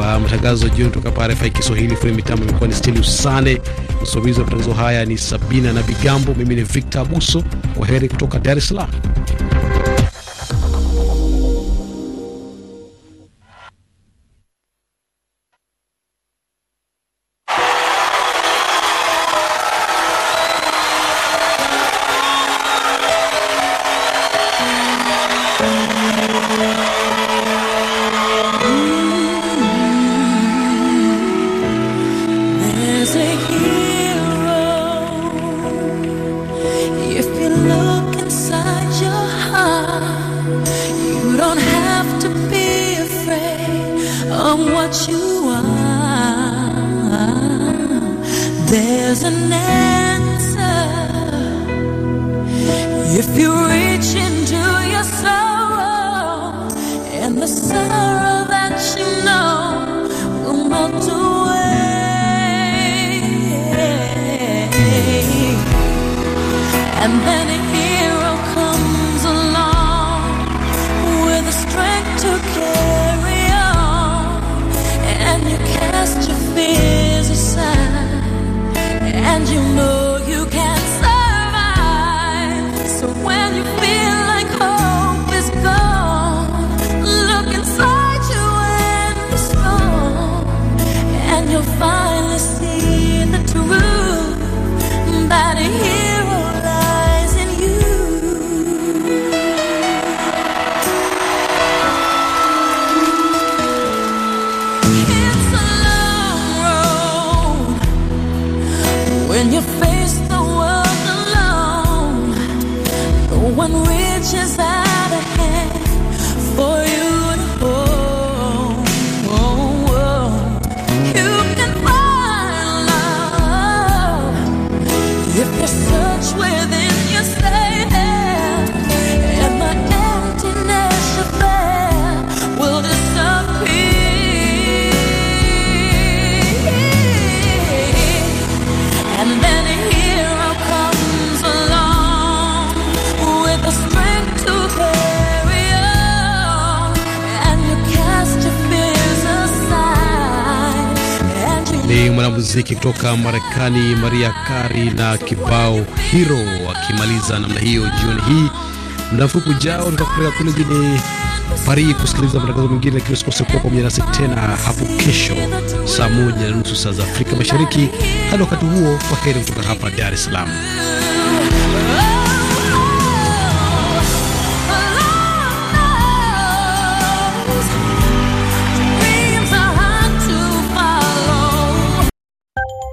wa matangazo jioni kutoka hapa RFI Kiswahili. Fundi mitambo imekuwa ni Steli Usane, msimamizi wa matangazo haya ni Sabina na Bigambo, mimi ni Victor Abuso. Kwa heri kutoka Dar es Salaam. kutoka Marekani, Maria Kari na kibao Hero, akimaliza namna hiyo jioni hii. Muda mfupi ujao tutakupeleka kule jini Paris kusikiliza matangazo mengine, lakini usikose kuwa pamoja nasi tena hapo kesho saa moja na nusu saa za Afrika Mashariki. Hadi wakati huo, kwa heri kutoka hapa Dar es Salaam.